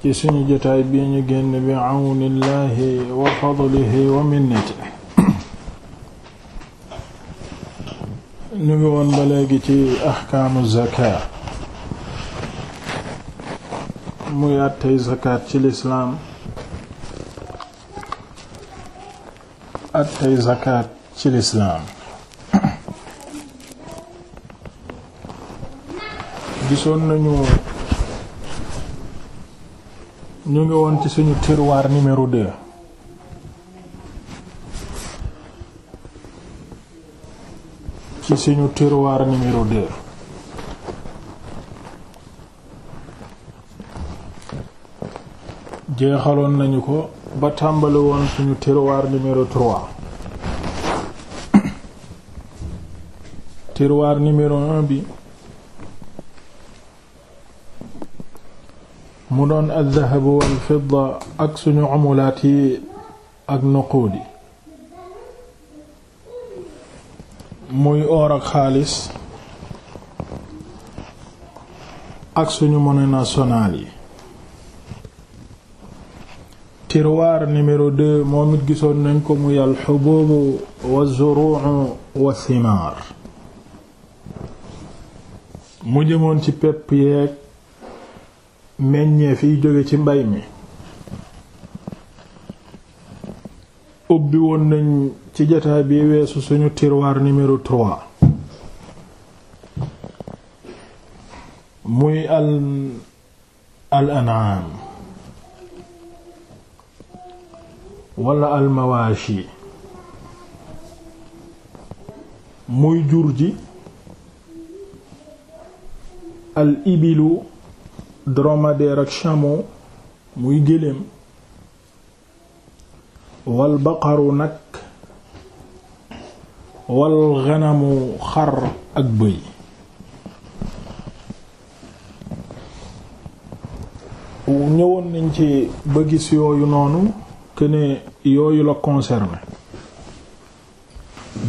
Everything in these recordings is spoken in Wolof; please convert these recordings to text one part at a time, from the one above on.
ci suñu jotaay bii ñu génn bi àwnillaahi wa fadlihi wa minnati ñu ngi woon ba léegi ci ahkaamu zakat muy àttey zakat ci ci lislaam gisoon nañu ñu ngi woon ci suñu tiroir numéro 2 ci suñu tiroir numéro 2 jeexaloon nañu ko ba tàmbali woon suñu tirwaar numéro 3 tiroir numéro 1 bi mu doon aldahab wal fidda ak suñu umulaat ak nuquud yi muy xaalis ak suñu monnaie nationale yi tiroir numéro 2 moom it gisoon nañ ko muy alxubuubu wa zuruucu wa simaar mu jëmoon ci pepp yeeg meññeef yi jóge ci mbay mi ubbi woon nañ ci jotaay bi weesu suñu tiroir numéro 3 muy al al an'am al mawashi muy jur ji al ibilu dromadaire ak chameau muy géléem wal nag wal ganamu xar ak bëy ñëwoon nañ ci ba gis yooyu noonu que ne yooyu la concerné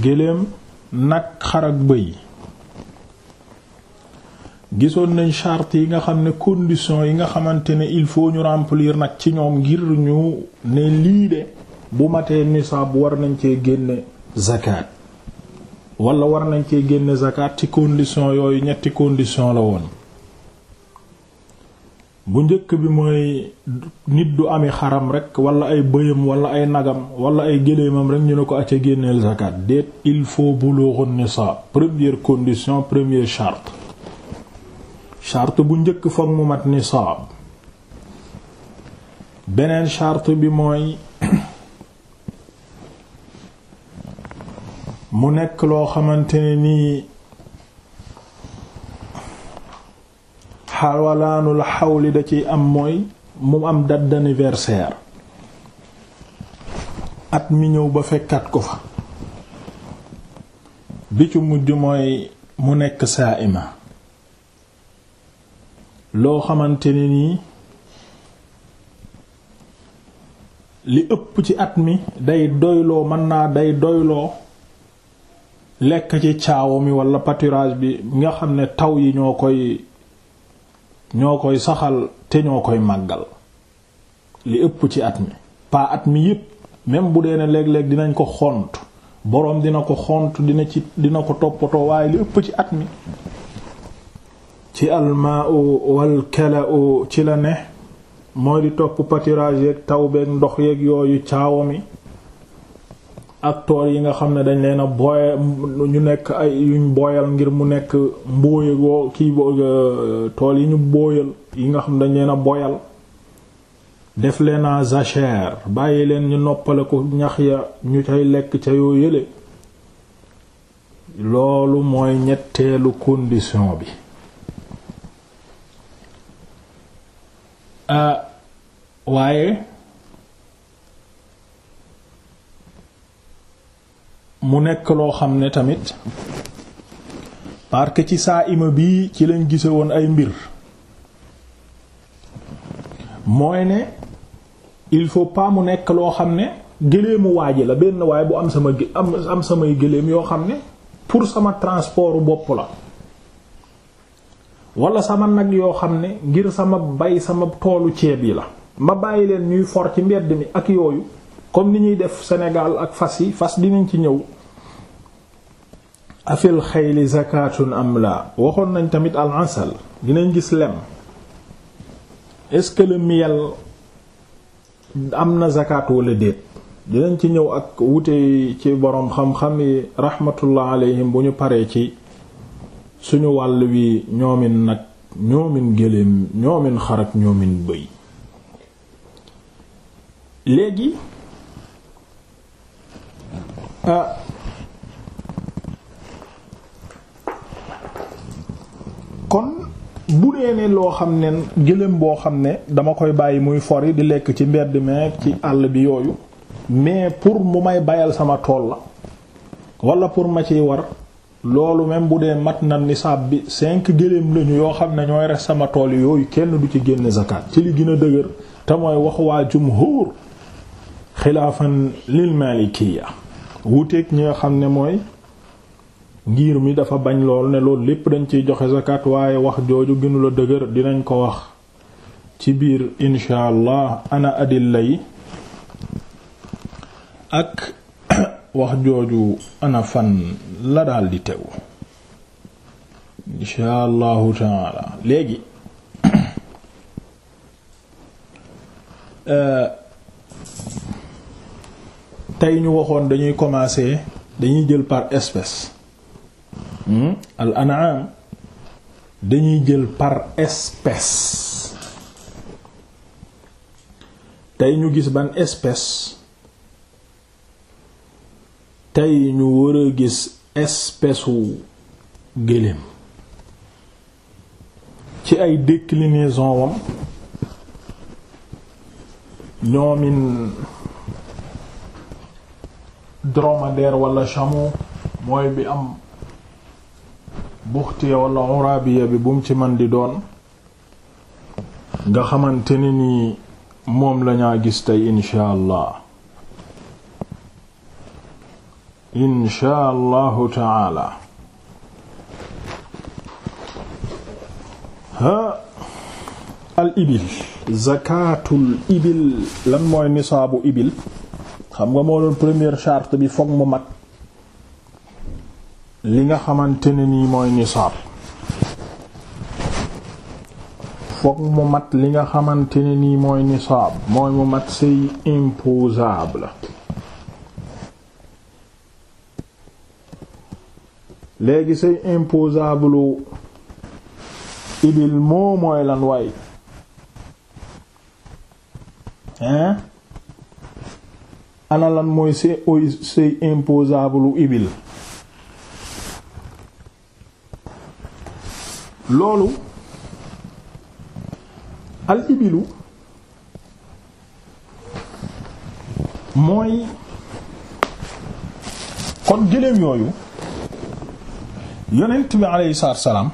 géléem nag xar ak bëy gisoon nañ charte yi nga xam ne condition yi nga xamante ne il faut ñu remplir nag ci ñoom ngir ñu ne lii de bu matee bu war nañ cee génne zakat wala war nañ cee génne zakat ci condition yooyu ñetti condition la woon bu njëkk bi mooy nit du ami xaram rek wala ay bëyam wala ay nagam wala ay géléemam rek ñu ne ko acca génneel zakat déet il faut bulughu nisaab première condition première charte charte bu njëkk foog mu mat nisaab beneen charte bi mooy mu nekk loo xamante ne nii xawalaanul xawli da ciy am mooy mu am date at mi ñëw ba fekkat ko fa bi ci mujj mooy mu nekk saa ima loo xamante ne nii li ëpp ci at mi day doyloo mën naa day doyloo lekk ci caawa mi wala pâturage bi nga xam ne taw yi ñoo koy ñoo koy saxal te ñoo koy màggal li ëpp ci at mi pas at mi yépp même bu dee ne léeg-léeg dinañ ko xont boroom dina ko xont dina ci dina ko toppatoo waaye li ëpp ci at mi ci almaau walkalau ci la ne mooy di topp pâturage yeeg taw beeg ndox yeeg yooyu caawa mi ak tool yi nga xam ne dañ leen a booye ñu nekk ay yuñ booyal ngir mu nekk mbóoye woo kii euh, tool yi ñu booyal yi nga xam dañ leen a boyal def leen a bàyyi leen ñu noppale ko ñax ya ñu cay lekk ca yoo yële loolu mooy ñetteelu condition bi Uh, waaye mu nekk loo xam ne tamit parce ci saa ima bii ci lañ gise woon ay mbir mooy ne il faut pas mu nekk loo xam ne gëleemu waaji la benn waaye bu am sama am am samay gëléem yoo xam ne pour sama transport bopp la wala sama nag yoo xam ne ngir sama bay sama toolu ceeb yi la ma bàyyi leen ñuy for ci mbedd mi ak yooyu comme ni ñuy def senegal ak fas yi fas dinañ ci ñëw afil xayli zakatun am la waxoon nañ tamit al ansal dinañ gis lem est-ce que le miel am na zakat wala déet dinañ ci ñëw ak wute ci boroom xam-xam yi rahmatullah alayhim bu ñu paree ci suñu wàll wi ñoomin nag ñoomin géléem ñoomin xar ñoomin bëy léegi ah, kon bu dee ne loo xam ne gëléem boo xam ne dama koy bàyyi muy fori di lekk ci mbedd mais ci àll bi yooyu mais pour mu may bayal sama tool la wala pour ma ciy war loolu même bu dee mat na nisaab bi cinq gëléem lañu yoo xam ne ñooy res sama tool yooyu kenn du ci génne zakat ci li gën a dëgër te mooy wax waa jumhur xilaafan lil malikiya wuteeg ñi nga xam ne mooy ngir mi dafa bañ lool ne loolu lépp dañ ciy joxe zakat waaye wax jooju gënula dëgër dinañ ko wax ci biir incha ana adilla yi ak wax jooju ana la daal di tegu insha allahu léegi euh, tey ñu waxoon dañuy commencé dañuy jël par espèce hmm? al an'am dañuy jël par espèce tey ñu gis ban espèce tey ñu war gis espèce wu ci ay déclinaison wam ñoomin dromadaire wala chameau mooy bi am buxtiya wala urabiya bi bu ci man di doon nga xamante nii moom lañaa gis tey incha insha allahu taala ha al ibil zakatul ibil lan mooy nisaabu ibil xam nga moo doon première charte bi foog mu mat li nga xamante ne nii mooy nisaab foog mu mat li nga xamante ne nii mooy nisaab mooy mu mat c'est imposable léegi say imposable ibil moo mooy lan waay hein ana lan mooy say say imposable ibil loolu al ibilu mooy kon gëléem yooyu yonent bi aleyhi salaatu salaam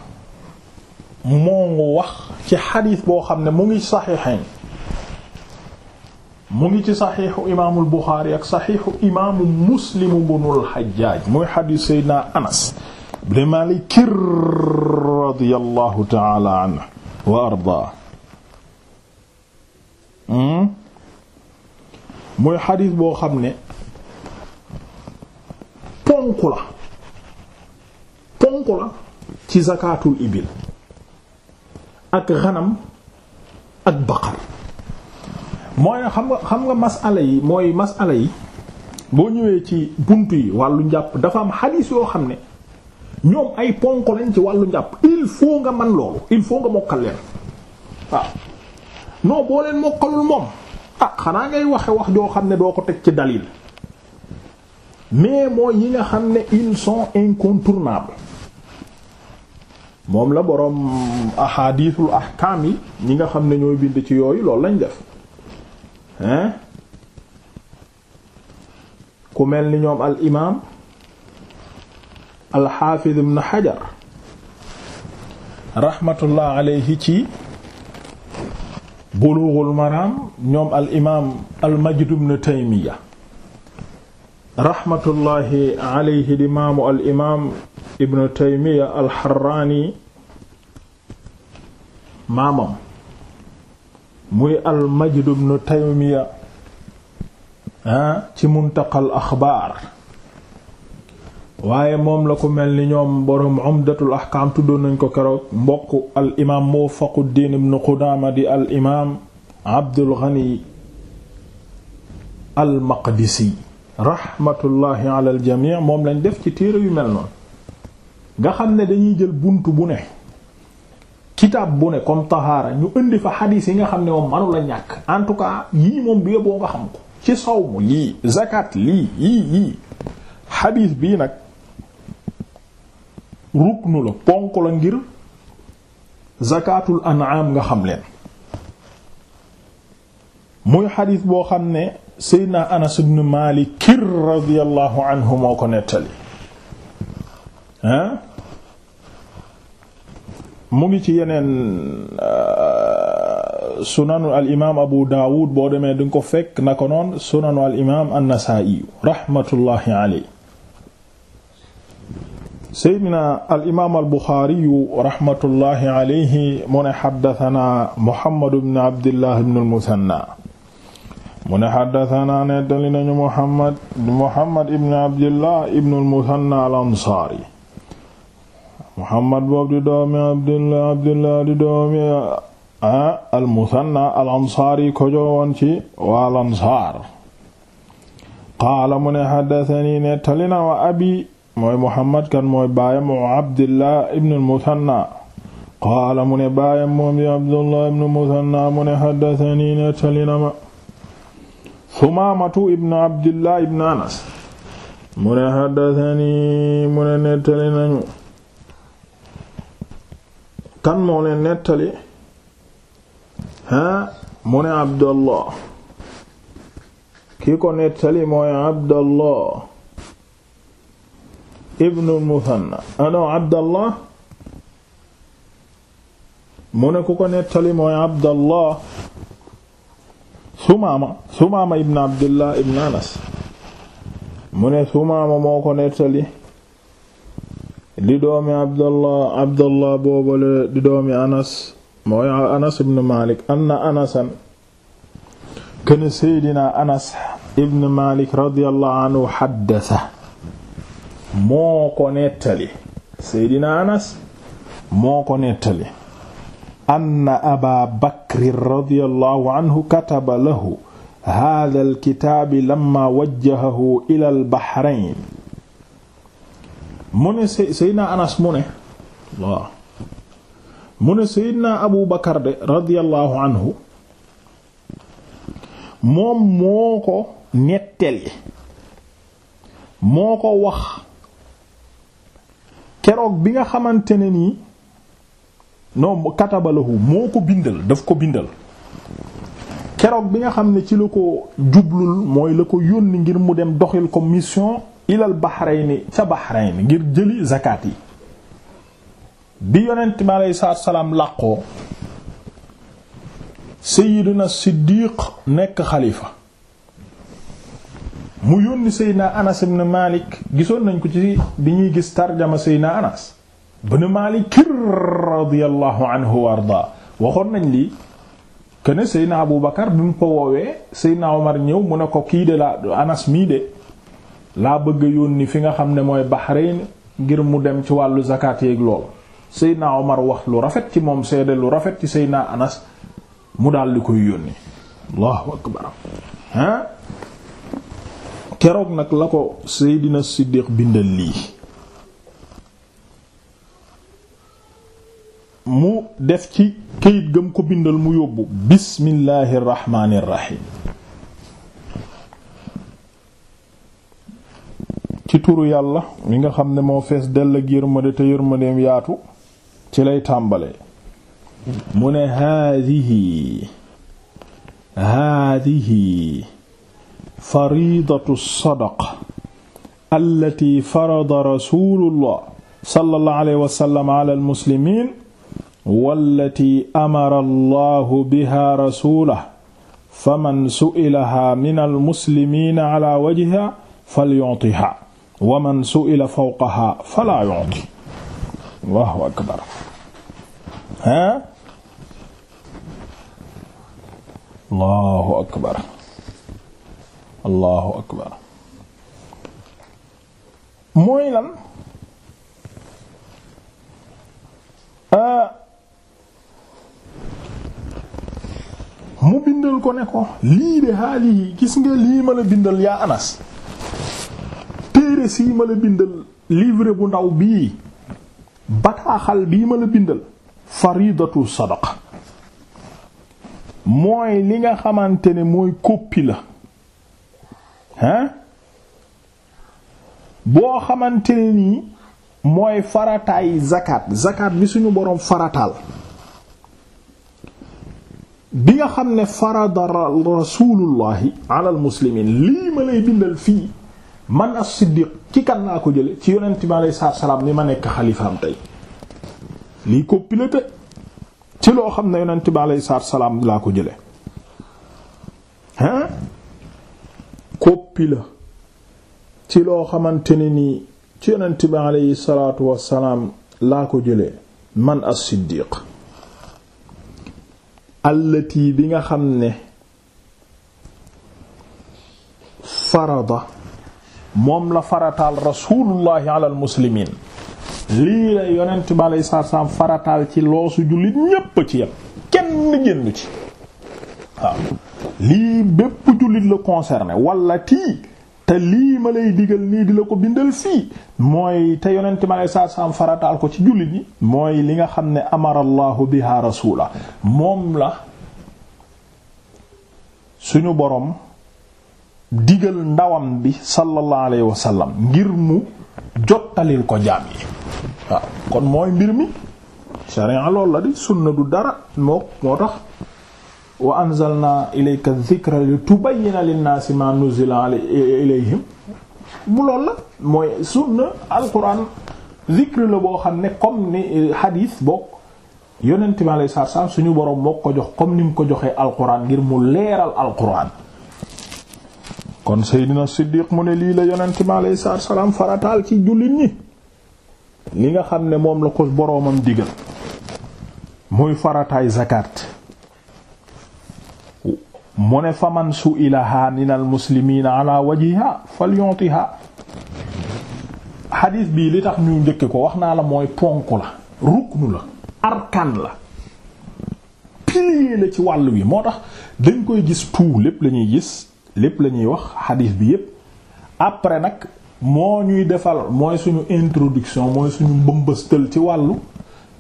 moo ngi wax ci xadiis boo xam ne mu ngi saxiixayn mu ngi ci saxiixu imaamul Buxaari ak saxiixu imaamu Muslim ibnul Xajjaaj muy xadiis Seydina Anas ibn Maalik radiyallahu ta'ala anhu wa ardaa hmm? muy xadiis boo xam ne ponk la ponk la ci zakaatul ibil ak xanam ak baqar mooy xam nga xam nga masala yi mooy masala yi boo ñëwee ci bunt yi wàllu njàpp dafa am xadiis yoo xam ne ñoom ay ponk lañ ci wàllu njàpp il faut nga man loolu il faut nga mokkal leen waaw non boo leen mokkalul moom ah xanaa ngay waxe wax joo xam ne doo ko teg ci dalil mais mooy yi nga xam ne ils sont incontournables moom la boroom ahadithul ahkaam yi ñi nga xam ne ñooy bind ci yooyu loolu lañ def hein ku mel ni ñoom al imaam al xaafiz ibn xajar rahmatullah alayhi ci bulughul maram ñoom al imaam al majd ibn taymiya rahmatullahi alayhi di maamu al imaam ibnu taymiya alxaraani maamam muy almajd ibnu taymiya ah ci muntaqal axbaar waaye moom la ko mel ni ñoom boroom umdatul ahkaam tuddoon nañ ko keroog mbokk al imaam muwafaquddin ibnu qudaama di al imaam abdul ghani al maqdisi raxmatullahi ala al jamii moom lañ def ci téere yu mel noonu nga xam ne dañuy jël bunt bu ne kitaab bu ne comme tahaara ñu indi fa xadiis yi nga xam ne moom manu la ñàkk en tout cas yii moom bi boo nga xam ko ci sawm lii zakat lii yii yii xadiis bii nag nu la ponk la ngir zakatul an'am nga xam leen muy xadiis boo xam ne seydna anas ibn maalik radiyallahu anhu moo ko nettali hein mu ngi ci yeneen euh, sunanu al imaam Abu Dawud boo demee di nga ko fekk na ko noon sunanu al imaam an-Nasaa'i rahmatullahi alayhi Seydina al imaam al Buxaari rahmatullahi alayhi mu ne haddasanaa Muhammad ibn Abdillah ibn al-Musanna mu ne haddasanaa nettali nañu Muhammad Muhammad ibn Abdillah ibn al-Musanna al-Ansaari Muhammad boobu di doomi Abdullah Abdullah di doomi ah, al-Musanna al-Ansaari ko joowoon ci waa Ansaar qaala mu ne haddathanii nettali na wa abi mooy Muhammad kan mooy baayam Abdullah ibn al-Musanna qaala mu ne baayam moom di Abdullah ibn al-Musanna mu ne haddathanii nettali na ma Sumaamatu ibn Abdullah ibn Anas mu ne haddathanii mu ne nettali nañu kan moo leen nettali ah mu ne abdallah ki nettali mooy abdallah ibnu musanna ano abdallah mu ne ku nettali mooy abdallah sumaama sumaama ibnu abdillah ibnu anas mu ne sumaama moo ko nettali di doomi abdallah abdallah boobale di doomi anas mooy anas ibn malik anna anasan kene seydina anas ibn malik radiyallahu anhu xaddasa moo ko nettali seydina anas moo ko nettali anna aba bakrin radiyallahu anhu kataba lahu haadha alkitaabi lamma wajjahahu ila al bahrayn mu ne Seydina Anas mu ne waaw mu ne Seydina Abu Bakar de radiyallahu anhu moom moo ko nettali moo ko wax keroog bi nga xamante ne nii non katabalahu moo ko bindal daf ko bindal keroog bi nga xam ne ci la ko jublul mooy la ko yónni ngir mu dem doxil ko mission ilal Bahrayn ca Bahrayn ngir jëli zakat yi bi yonent mi aleyhi salaatu salaam làqoo Seydina Siddiq nekk xalifa mu yónni Seydina Anas ibn Malik gisoon nañ ko ci bi ñuy gis tarjama Seydina Anas ibn Malik radiyallahu anhu wa ardaa waxoon nañ lii que ne Seydina Abu Bakar bi mu ko woowee Seydina Omar ñëw mu ne ko kii de la Anas mii de laa bëgg a yónni fi nga xam ne mooy Bahrain ngir mu dem ci wàllu zakat yeeg lool Seydina Omar wax lu rafet ci moom seede lu rafet ci Seydina Anas mu daldi koy yónni allahu akbar ah keroog nag la ko Seydina Siddiq bindal lii mu def ci këyit gëm ko bindal mu yóbbu bismillahir ci turu yàlla mi nga xam ne moo fees dell ak yërmande te yërmandeem yaatu ci lay tàmbalee mu ne haadihi haadihi faridatu sadaqa allati farada rasulullah sallallahu alayhi wa sallam ala almuslimiin wallati amara allahu biha rasulahu faman su'ilaha min almuslimiin ala wajhiha falyu'tiha wa man su'ila fawqaha fala yu'ti akbar ha akbar mooy lan mu bindal ko ne lii de haali gis nga lii ma la bindal yaa Anas téere sii ma bu ndaw bii bataaxal bii ma la bindal faridatu sadaqa mooy li nga xamante ne mooy copie la boo xamante ne mooy farataay zakat zakat bi suñu boroom farataal bi nga xam ne farada rasulullahi ala al lii ma lay bindal fii man as-Siddiq ci kan laa ko jële ci yonent bi alayhi salaatu salaam ni ma nekk xalifaam tey lii ko piloté ci loo xam ne yonent bi alayhi salaatu salaam laa ko jële hein ci loo xamante ne nii ci yonent bi alayhi ko jëlee man as-siddiq allati bi nga xam ne farada moom la farataal rasulullahi ala al lii la yonent bi aleyhi farataal ci loosu jullit ñépp ci yam kenn génn ci waaw lii bépp jullit la concerné wala tii te lii ma lay digal nii di la ko bindal fii mooy te yonent bi aleyhi farataal ko ci jullit ñi mooy li nga xam ne amara allahu biha rasula moom la suñu borom digal ndawam bi sallallahu alayhi wa sallam ngir mu jottalil ko jaam yi waaw kon mooy mbir mi sharia loolu la di sunna du dara moo moo tax wa anzalna ilayka dhikra li tubayyina la boo xam ne comme ni eh, hadith bokk yonent bi alayhi salaam suñu borom moo ko jox comme ni mu ko joxee alquran ngir mu leeral alquran kon Seydina Siddiq mu ne lii la yonent mi alayhi salaam farataal ci jullit ñi li nga xam ne moom la ko boroomam digal muy farataay zakat mu ne faman su'ilaha minal muslimiina ala wajhiha falyu'tiha xadiis bii li tax ñu njëkke ko wax naa la mooy ponk la ruknu la arkan la pilier ci wàll wi moo tax dañ koy gis tout lépp lañuy gis lépp la ñuy wax xadiis bi yépp après nag moo ñuy defal mooy suñu introduction mooy suñu mbëmbëstal ci wàllu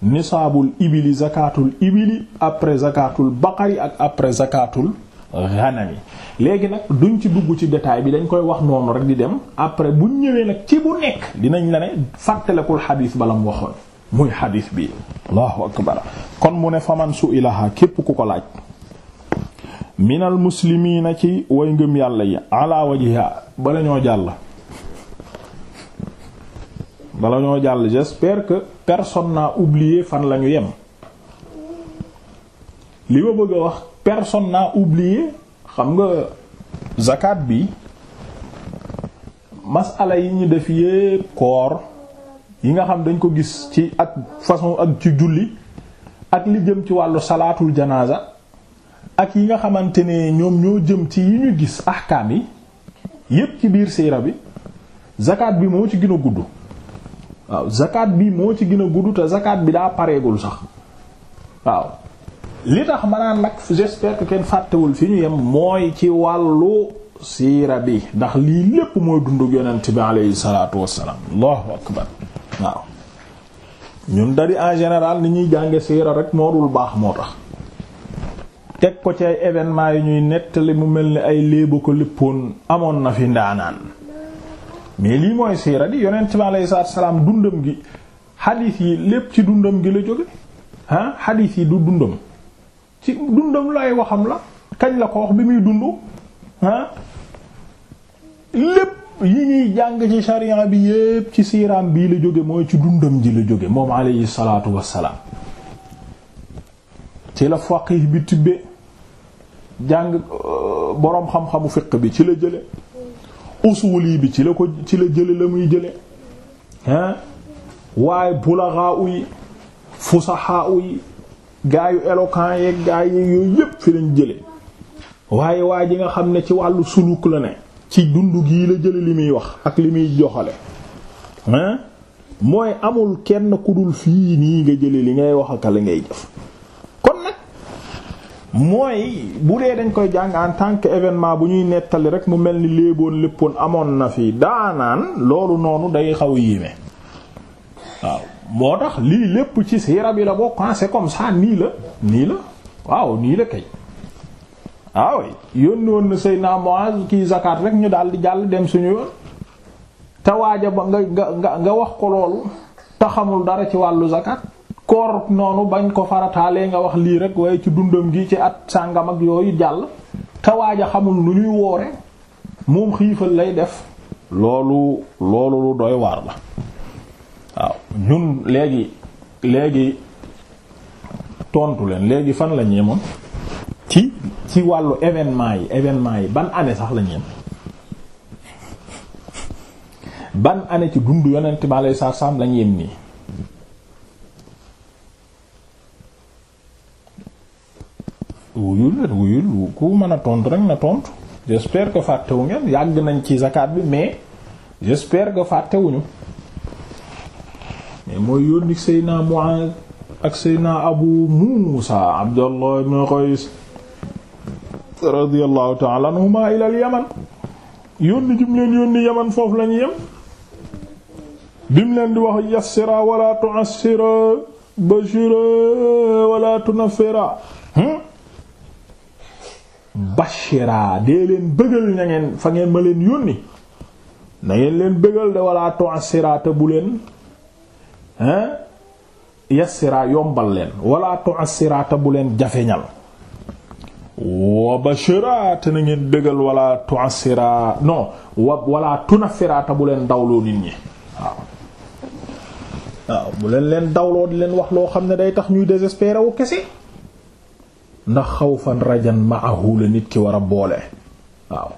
nisaabul ibili zakatul ibili après zakatul baqari ak après zakatul ghanami léegi nag duñ ci dugg ci détail bi dañ koy wax noonu rek di dem après bu ñëwee nag ci bu nekk dinañ la ne fàttalekul xadiis bala mu waxoon muy xadiis bi allahu akbar kon mu ne faman su ilaha képp ku ko laaj minal muslimiina ci way ngëm yàlla yi ala wajiha bala ñoo jàll bala ñoo jàll j'espère que personne n'a fan lañu yem li ma bëgg a wax personne n'a oublié xam nga zakat bi masala yi ñu def yépp koor yi nga xam dañ ko gis ci ak façon ak ci julli ak li jëm ci wàllu salaatul janaasa ak yi nga xamante ne ñoom ñoo jëm ci yi ñu gis ahkaam yi yépp ci biir siira bi zakat bi moo ci gën a gudd waaw zakat bi moo ci gën a gudd te zakat bi daa pareegul sax waaw li tax ma nag j'espère que kenn fàttewul fi ñu yem mooy ci wàllu siira bi ndax lii lépp mooy dund yonent bi aleyhi salaatu wassalaam allahu akbar waaw ñun dari en général ni ñuy jànge siira rek moo dul baax moo tax teg ko ci ay événement yi ñuy nettali mu mel ni ay léeba ko léppoon amoon na fi ndaanaan mais lii mooy siira di yonent bi aleyhi salaam dundam gi xadiis yi lépp ci dundam gi la jóge du dundam ci dundam waxam la kañ la ko wax bi muy dund lépp yi ñuy jàng ci sharia bi yépp ci siiraam bii la jóge mooy ci dundam ji la jóge moom aleyhi salaatu wassalaam ci la faqih bi tibbe jàng euh, boroom xam-xamu fiq bi ci la jële usuli bi ci la ko ci la jële la muy jële hein waaye bulaxaa u fusaxaa u yi gaa yu éloquent yeeg gaa yi yooyu yépp fi lañ jële waaye waa ji nga xam ne ci wàllu suluk la ne ci dund gii la jële li muy wax ak li muy joxale hein mooy amul kenn ku fii nii nga jële li ngay wax ak la ngay jëf mooy bu dee dañ koy jàng en tant que événement bu ñuy nettali rek mu mel ni léeboon léppoon amoon na fi daanaan loolu noonu day xaw yéeme waaw moo tax lii lépp ci si siira yi la bokk ah, comme ça nii la nii la waaw nii la kay waaw yónni woon na Seydina Muaz kii zakat rek ñu daal di jàll dem suñu yoon te waaja ba nga nga nga wax ko loolu te xamul dara ci wàllu zakat koor noonu bañ ko farataalee nga wax lii rek waaye ci dundam gi ci at sàngamak yooyu jàll te waaj xamul nu ñuy woore moom xiifal lay def loolu loolu lu doy waar la waaw ñun léegi léegi tontu leen léegi fan la ñeemoon ci ci wàllu événement yi événement yi ban année sax la ñeem ban année ci dund yonent bi alayhi salaam lañ ñeem nii wuyul ku mën a tontu rek na tontu j'espère que fàttewu ngeen yàgg nañ ci zakat bi mais j'espère que fàttewuñu mais mooy yónni Seydina Muaz ak Seydina Abu Muusa Abdallah ibn Qays radiyallahu ta'ala anhuma ila al-Yaman yónni jum leen yónni Yaman foofu lañu yem bim di wax yassira wala tu'assira bashira wala tunfira hmm? bashira dee leen bëggal na fa ngeen ma leen yónni na ngeen leen bëggal de wala tu'sira te bu leen hein yombal leen wala tu'sira te bu leen jafeñal wa na ngeen bëggal wala tu'sira non wa wala tunafira bu leen dawloo nit ñi waaw waaw bu leen leen dawloo di leen wax loo xam ne day tax ñuy désespérer wu kese ndax xawfan rajan ma'ahu la nit ki war a boole waaw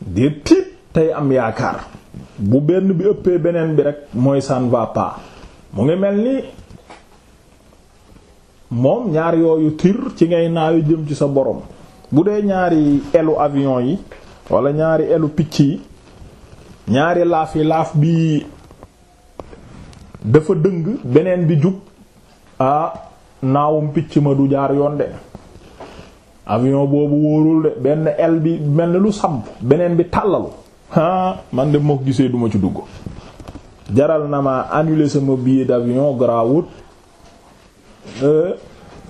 di tiit tey am yaakaar bu benn bi ëppee beneen bi rek mooy san ne va mu ngi mel ni moom ñaar yooyu tiir ci ngay naaw jëm ci sa boroom bu dee ñaari elu avion yi wala ñaari elu picc yi ñaari laaf yi laaf bi dafa dëng beneen bi jub ah naawum picc ma du jaar yoon de avion boobu wóorul de benn el bi mel ni lu samp beneen bi tàllalu ah man de moo gisee duma ci dugg jaral na ma annuler sama billet d'avion grawut euh,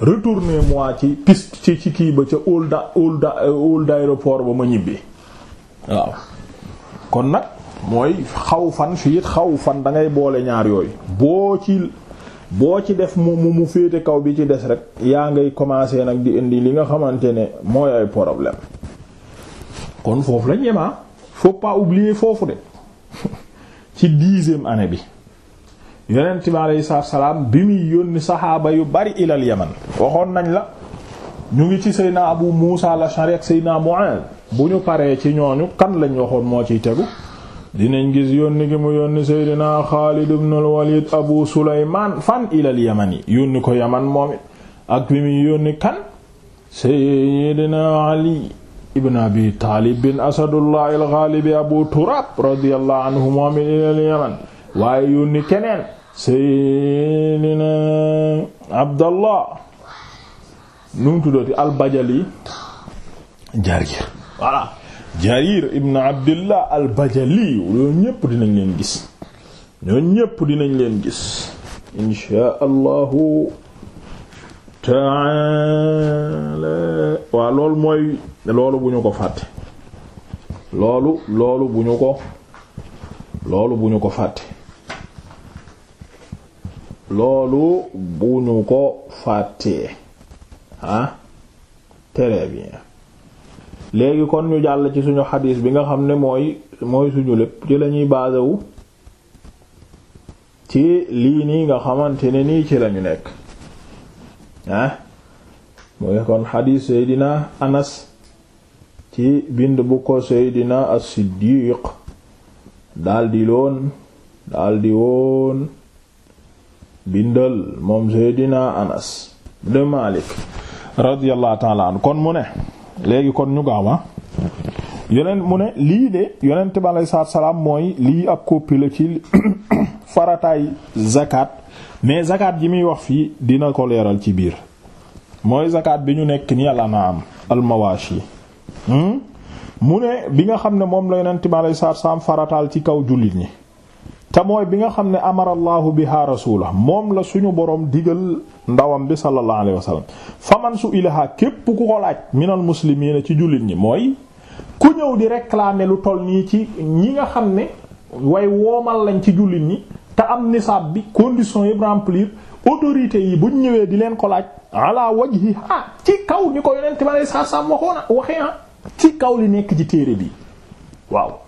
retourner moi ci piste ci ci kii ba ca old old old aéroport ba ma ñibbi waaw kon nag mooy xaw fan fii xaw fan dangay boole ñaar yooyu boo ci boo ci def mu mu féete kaw bi ci des rek yaa ngay commencer nag di indi li nga xamante ne mooy ay problème kon foofu lañu yemaa ah. faut pas oublier foofu de ci dixième année bi yonent bi aleyhi salaam bi muy yónni saxaaba yu bari ilal yaman waxoon nañ la ñu ngi ci Seydina Abu Muusa al-Ash'ari ak Seydina Mu'aaz bu ñu paree ci ñooñu kan lañ waxoon moo ciy tegu dinañ gis yónni gi mu yónni seydinaa Xaalid ibnul Walid Abu Sulaymaan fan ilal yamani yónni ko yaman moom it ak bi muy yónni kan seydinaa Ali ibn Abi Taalib bin Asadullah al-Ghaalib Abu Turaab radiyallahu anhu moom it ilal yaman waaye yónni keneen seydinaa Abdallah nu mu al-Bajali Jarir Jarir ibn Abdillah al-Bajali ñooñu ñépp dinañ leen gis ñooñu ñépp dinañ leen gis inshaa allahu taala waaw loolu mooy loolu bu ñu ko fàtte loolu loolu bu ñu ko loolu bu ko fàtte loolu bu ñu ko fàttee ah très bien léegi kon ñu jàll ci suñu xadiis bi nga xam ne mooy mooy suñu lépp ci lañuy basé ci lii nii nga xamante ne nii ci lañu nekk ah mooy kon xadiis Seydina Anas ci bind bu ko Seydina as-Siddiq daldi loon daldi woon bindal moom Seydina Anas de Malik radiyallahu ta'ala an kon mu ne léegi kon ñu gaawa ah. yeneen mu ne lii de yonent bi aleyhi salaatu salaam mooy lii ab copie la ci farataay zakat mais zakat ji muy wax fii dina ko leeral ci biir mooy zakat bi ñu nekk ni am na am mu ne bi nga xam ne moom la yonent bi aleyhi salaatu salaam farataal ci kaw jullit ñi te mooy bi nga xam ne amarallahu biha rasula moom la suñu boroom digal ndawam bi sallallahu alayhi wa sallam faman su ilaha képp ku ko laaj minal muslimiina ci jullit ñi mooy ku ñëw di réclamer lu toll nii ci ñi nga xam ne way woomal lañ ci jullit ñi te am nisaab bi condition yëpp remplir autorité yi buñ ñëwee di leen ko laaj ala wajhi ah ci kaw ni ko yonent bi alei saat salaam waxoona waxee ah ci kaw li nekk ci téere bi waaw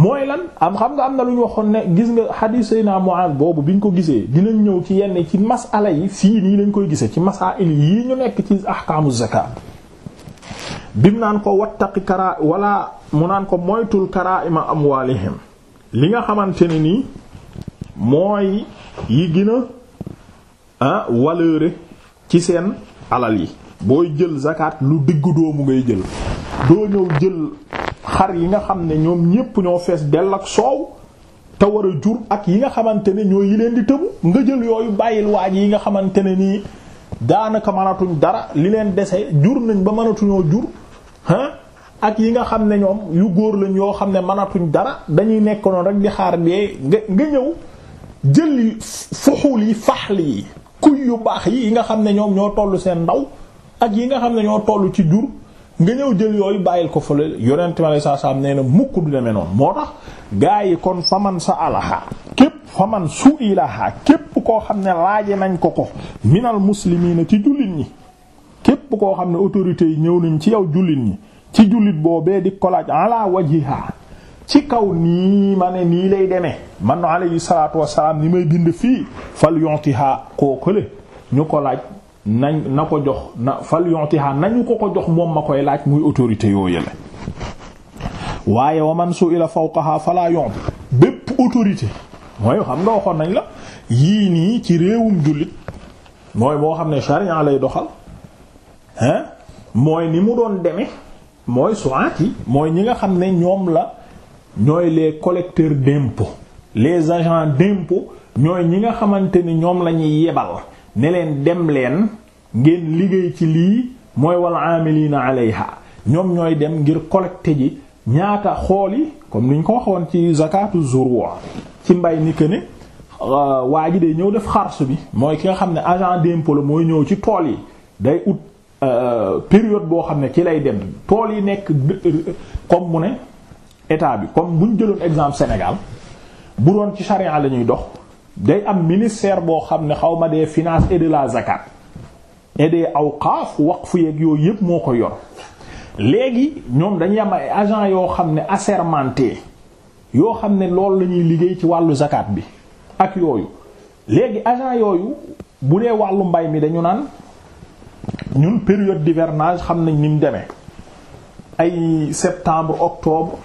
mooy lan am xam nga am na lu ñu waxoon ne gis nga xadiis Seydina Muaaz boobu bi ñu ko gisee dinañ ñëw ci yenn ci masala yi fii nii lañ koy gisee ci masaa'il yii ñu nekk ci ahkaamu zakaat bim naan ko wattaqi karaa wala mu naan ko moytul karaa'ima amwaalihim li nga xamante ne nii mooy yi gën a valeur ah, ci seen alal yi booy jël zakat lu diggu doomu ngay jël doo ñëw jël xar yi nga xam ne ñoom ñépp ñoo fees dell ak soow te war a jur ak yi nga xamante ne ñoo yi leen di tëbu nga jël yooyu bàyyil waaj yi nga xamante ne nii daanaka mënatuñ dara li leen dese jur nañ ba manatuñoo jur ah ak yi nga xam ne ñoom yu góor lañ yoo xam ne mënatuñ dara dañuy nekk noonu rek di xaar bee nga nga ñëw jël fuxul yi faxli yi kuy yu baax yi yi nga xam ne ñoom ñoo tollu seen ndaw ak yi nga xam ne ñoo toll ci jur nga ñëw jël yooyu bàyyil ko fële yonent mi alayhi salaam na mukk du demee noonu moo tax gaa yi kon faman sa alaha képp faman su ilaha képp koo xam ne laaje nañ ko ko minal muslimiina ci jullit ñi képp koo xam ne autorités yi ñëw nañ ci yow jullit ñi ci jullit boobee di kolaaj ala wajiha ci kaw nii ma ne nii lay demee man alayhi salaatu wassalaam ni may bind fii fal yontiha koo kële ñu ko laaj nañ na ko jox na fal yu'tiha nañu ko ko jox moom ma koy laaj muy autorité yooyu la waaye wa man su'ila fawqaha fala yu'ti bépp autorité mooy xam nga waxoon nañ la yii nii ci réewum jullit mooy moo xam ne charia lay doxal hein mooy ni mu doon demee mooy soit yi mooy ñi nga xam ne ñoom la ñooy les collecteurs d'impôts les agents d'impôts ñooy ñi nga xamante ni ñoom la ñuy yebal ne leen dem leen ngeen liggéey ci lii mooy wal amilina alayha ñoom ñooy dem ngir collecter ji ñaata xool yi comme ni ko waxoon ci zakatu zurwa ci mbay ni que ne euh, waa ji day ñëw def xars bi mooy ki nga xam ne agent d'impôt la mooy ñëw ci tool yi day ut euh, période boo xam ne ci lay dem tool yi nekk comme mu ne état bi comme bu ñu jëloon exemple Sénégal bu doon ci charia la ñuy dox day am ministère boo xam ne xaw ma des finances et de la zakat et des awqaf fu yeeg yooyu yëpp moo ko yor léegi ñoom dañuy am ay agent yoo xam ne assermenté yoo xam ne loolu la ñuy liggéey ci wàllu zakat bi ak yooyu léegi agent yooyu bu dee wàllu mbay mi dañu naan ñun période divernage xam nañ ni mu demee ay septembre octobre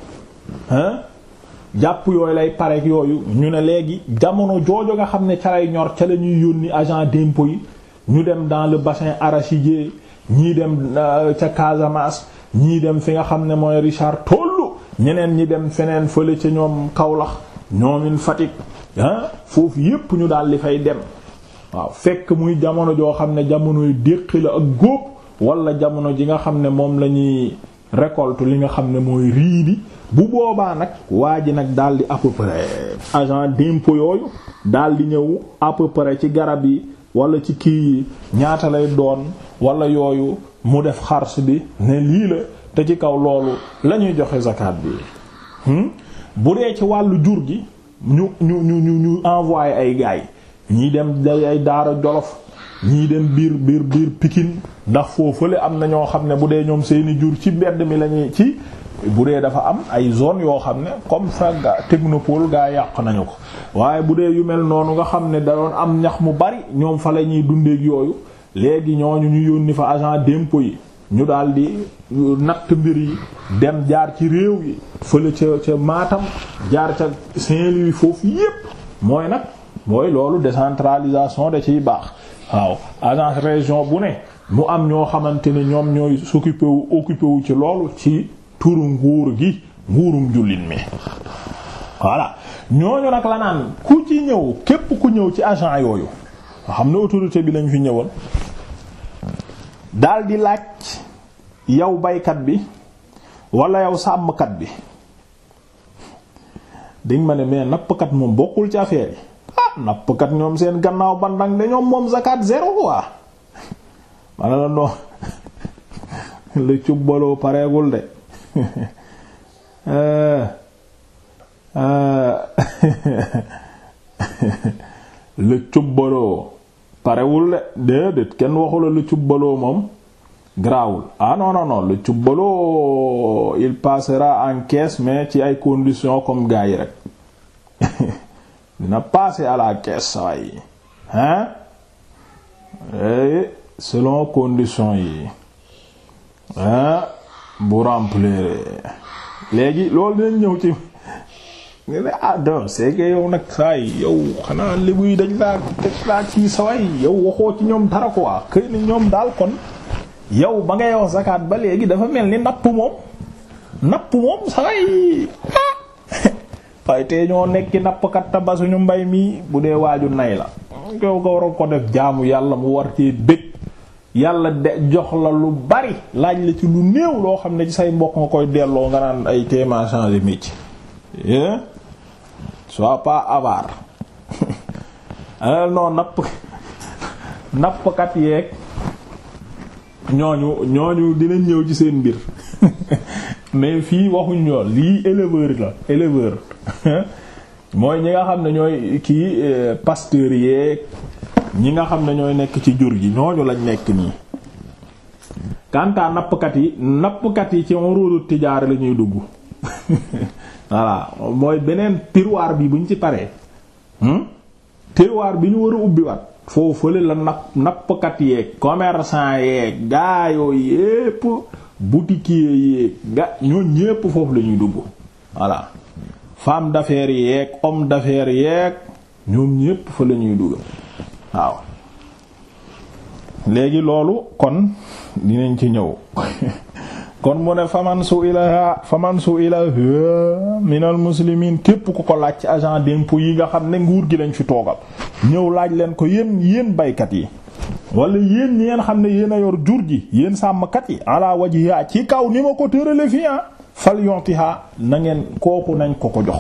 jàpp yooyu lay pareeg yooyu ñu ne léegi jamono joojo nga xam ne ca lay ñor ca la ñuy yónni agent d'impôt yi ñu dem dans le bassin arachidier ñii dem euh, ca Casamance ñii dem fi nga xam ne mooy Richard Toll ñeneen ñi dem feneen fële ca ñoom Kaolack ñoomin Fatick ah foofu yépp ñu daal di fay dem waaw fekk muy jamono joo xam ne jamonoy déqi la ak góob walla jamono ji nga xam ne moom la ñuy récolte li nga xam ne mooy riz bi bu boobaa nag waa ji nag daal di à agent d'impôt yooyu daal di ñëw à peu près ci garab yi wala ci kii yi ñaata lay doon wala yooyu mu def xars bi ne lii la te ci kaw loolu la ñuy joxe zakat bi hmm? bu ree ci wàllu jur gi ñu ñu ñu ñu envoyé ay gaay ñuy dem day ay daara jolof ñii dem biir biir biir Pikine ndax foofale am na ñoo xam ne bu dee ñoom seeni jur ci mbedd mi lañuy ci bu dee dafa am ay zone yoo xam ne comme ça ga technopole gaa yàq nañu ko waaye bu dee yu mel noonu nga xam ne da doon am ñax mu bari ñoom fa la ñuy dundeek yooyu léegi ñooñu ñu yónni fa agent d'impôt yi ñu daldi euh, natt mbir yi dem jaar ci réew yi fële ca ca Matam jaar ca Saint-Louis foofu yépp mooy nag mooy loolu décentralisation da ciy baax waaw agence région bu ne mu am ñoo xamante ne ñoom ñooy s'occuper wu wu ci loolu ci turu nguur gi nguurum jullit mi voilà ñooñu nag la naan ku ci ñëw képp ku ñëw ci agent yooyu nga xam ne autorité bi lañ fi ñëwoon daal di laaj yow baykat bi wala yow sàmmkat bi dañ ma ne mais nappkat moom bokkul ci affaire yi nappkat ñoom seen gannaaw bandang de ñoom moom zakat zéro quoi ma ne la non lu euh, euh. cubbaloo parewul de déedéet kenn waxula lu cubbaloo moom grawul ah non non lu cubbaloo il passera en caisse mais ci ay conditions comme gars yi rek dina passer à la caisse saa yi hein selon condition yi hein bu remplir léegi loolu dinañ ñëw ci nga ne ah non c'est yow nag saa yi yow xanaa lébu yi dañ laa dañ laa ci saway yow waxoo ci ñoom dara quoi xëy na ñoom daal kon yow ba ngay wax zakat ba léegi dafa mel ni napp moom napp moom saway waaye te ñoo nekki nappkat ta ba suñu mbay mi bu dee waaju nay la kow ko war ko def jaamu yàlla mu war cee bég yàlla de jox la lu bari laaj la ci lu néew loo xam ne ci say mbokk nga koy delloo nga naan ay téema changer métier eh sois pas avare non napp nappkat yeeg ñooñu ñooñu dinañ ñëw ci seen mbir mais fii waxuñ yoon lii éleveur la éleveur mooy ñi nga xam ne ñooy kii euh, pasteur yee ñi nga xam ne ñooy nekk ci jur gi ñooñu lañ nekk nii kantaa nappkat yi nappkat yi ci urudu tijaara la ñuy dugg voilà mooy beneen tiroir bi buñ ci paree hmm? tiroir bi ñu war a ubbi wat foofu la nappkat yeeg commerçant yeeg gaayoo yépp boutiquier yeeg ga ñoon ñépp foofu lañuy dugg voilà femme d'affaires yeeg homme d'affaires yeeg ñoom ñépp fa la ñuy dugg waaw léegi loolu kon dinañ ci ñëw kon mu ne faman su ilaha faman su ilaha minal muslimin képp ku ko laaj ci agent d'impôt yi nga xam ne nguur gi lañ fi toogal ñëw laaj leen ko yéen yéen baykat yi wala yéen ñi ngeen xam ne yéen a yor jur ji yéen sàmmkat yi ala wajiha ci kaw ni ma ko tërale fii ah fal yontiha na nangeen kooku nañ ko ko jox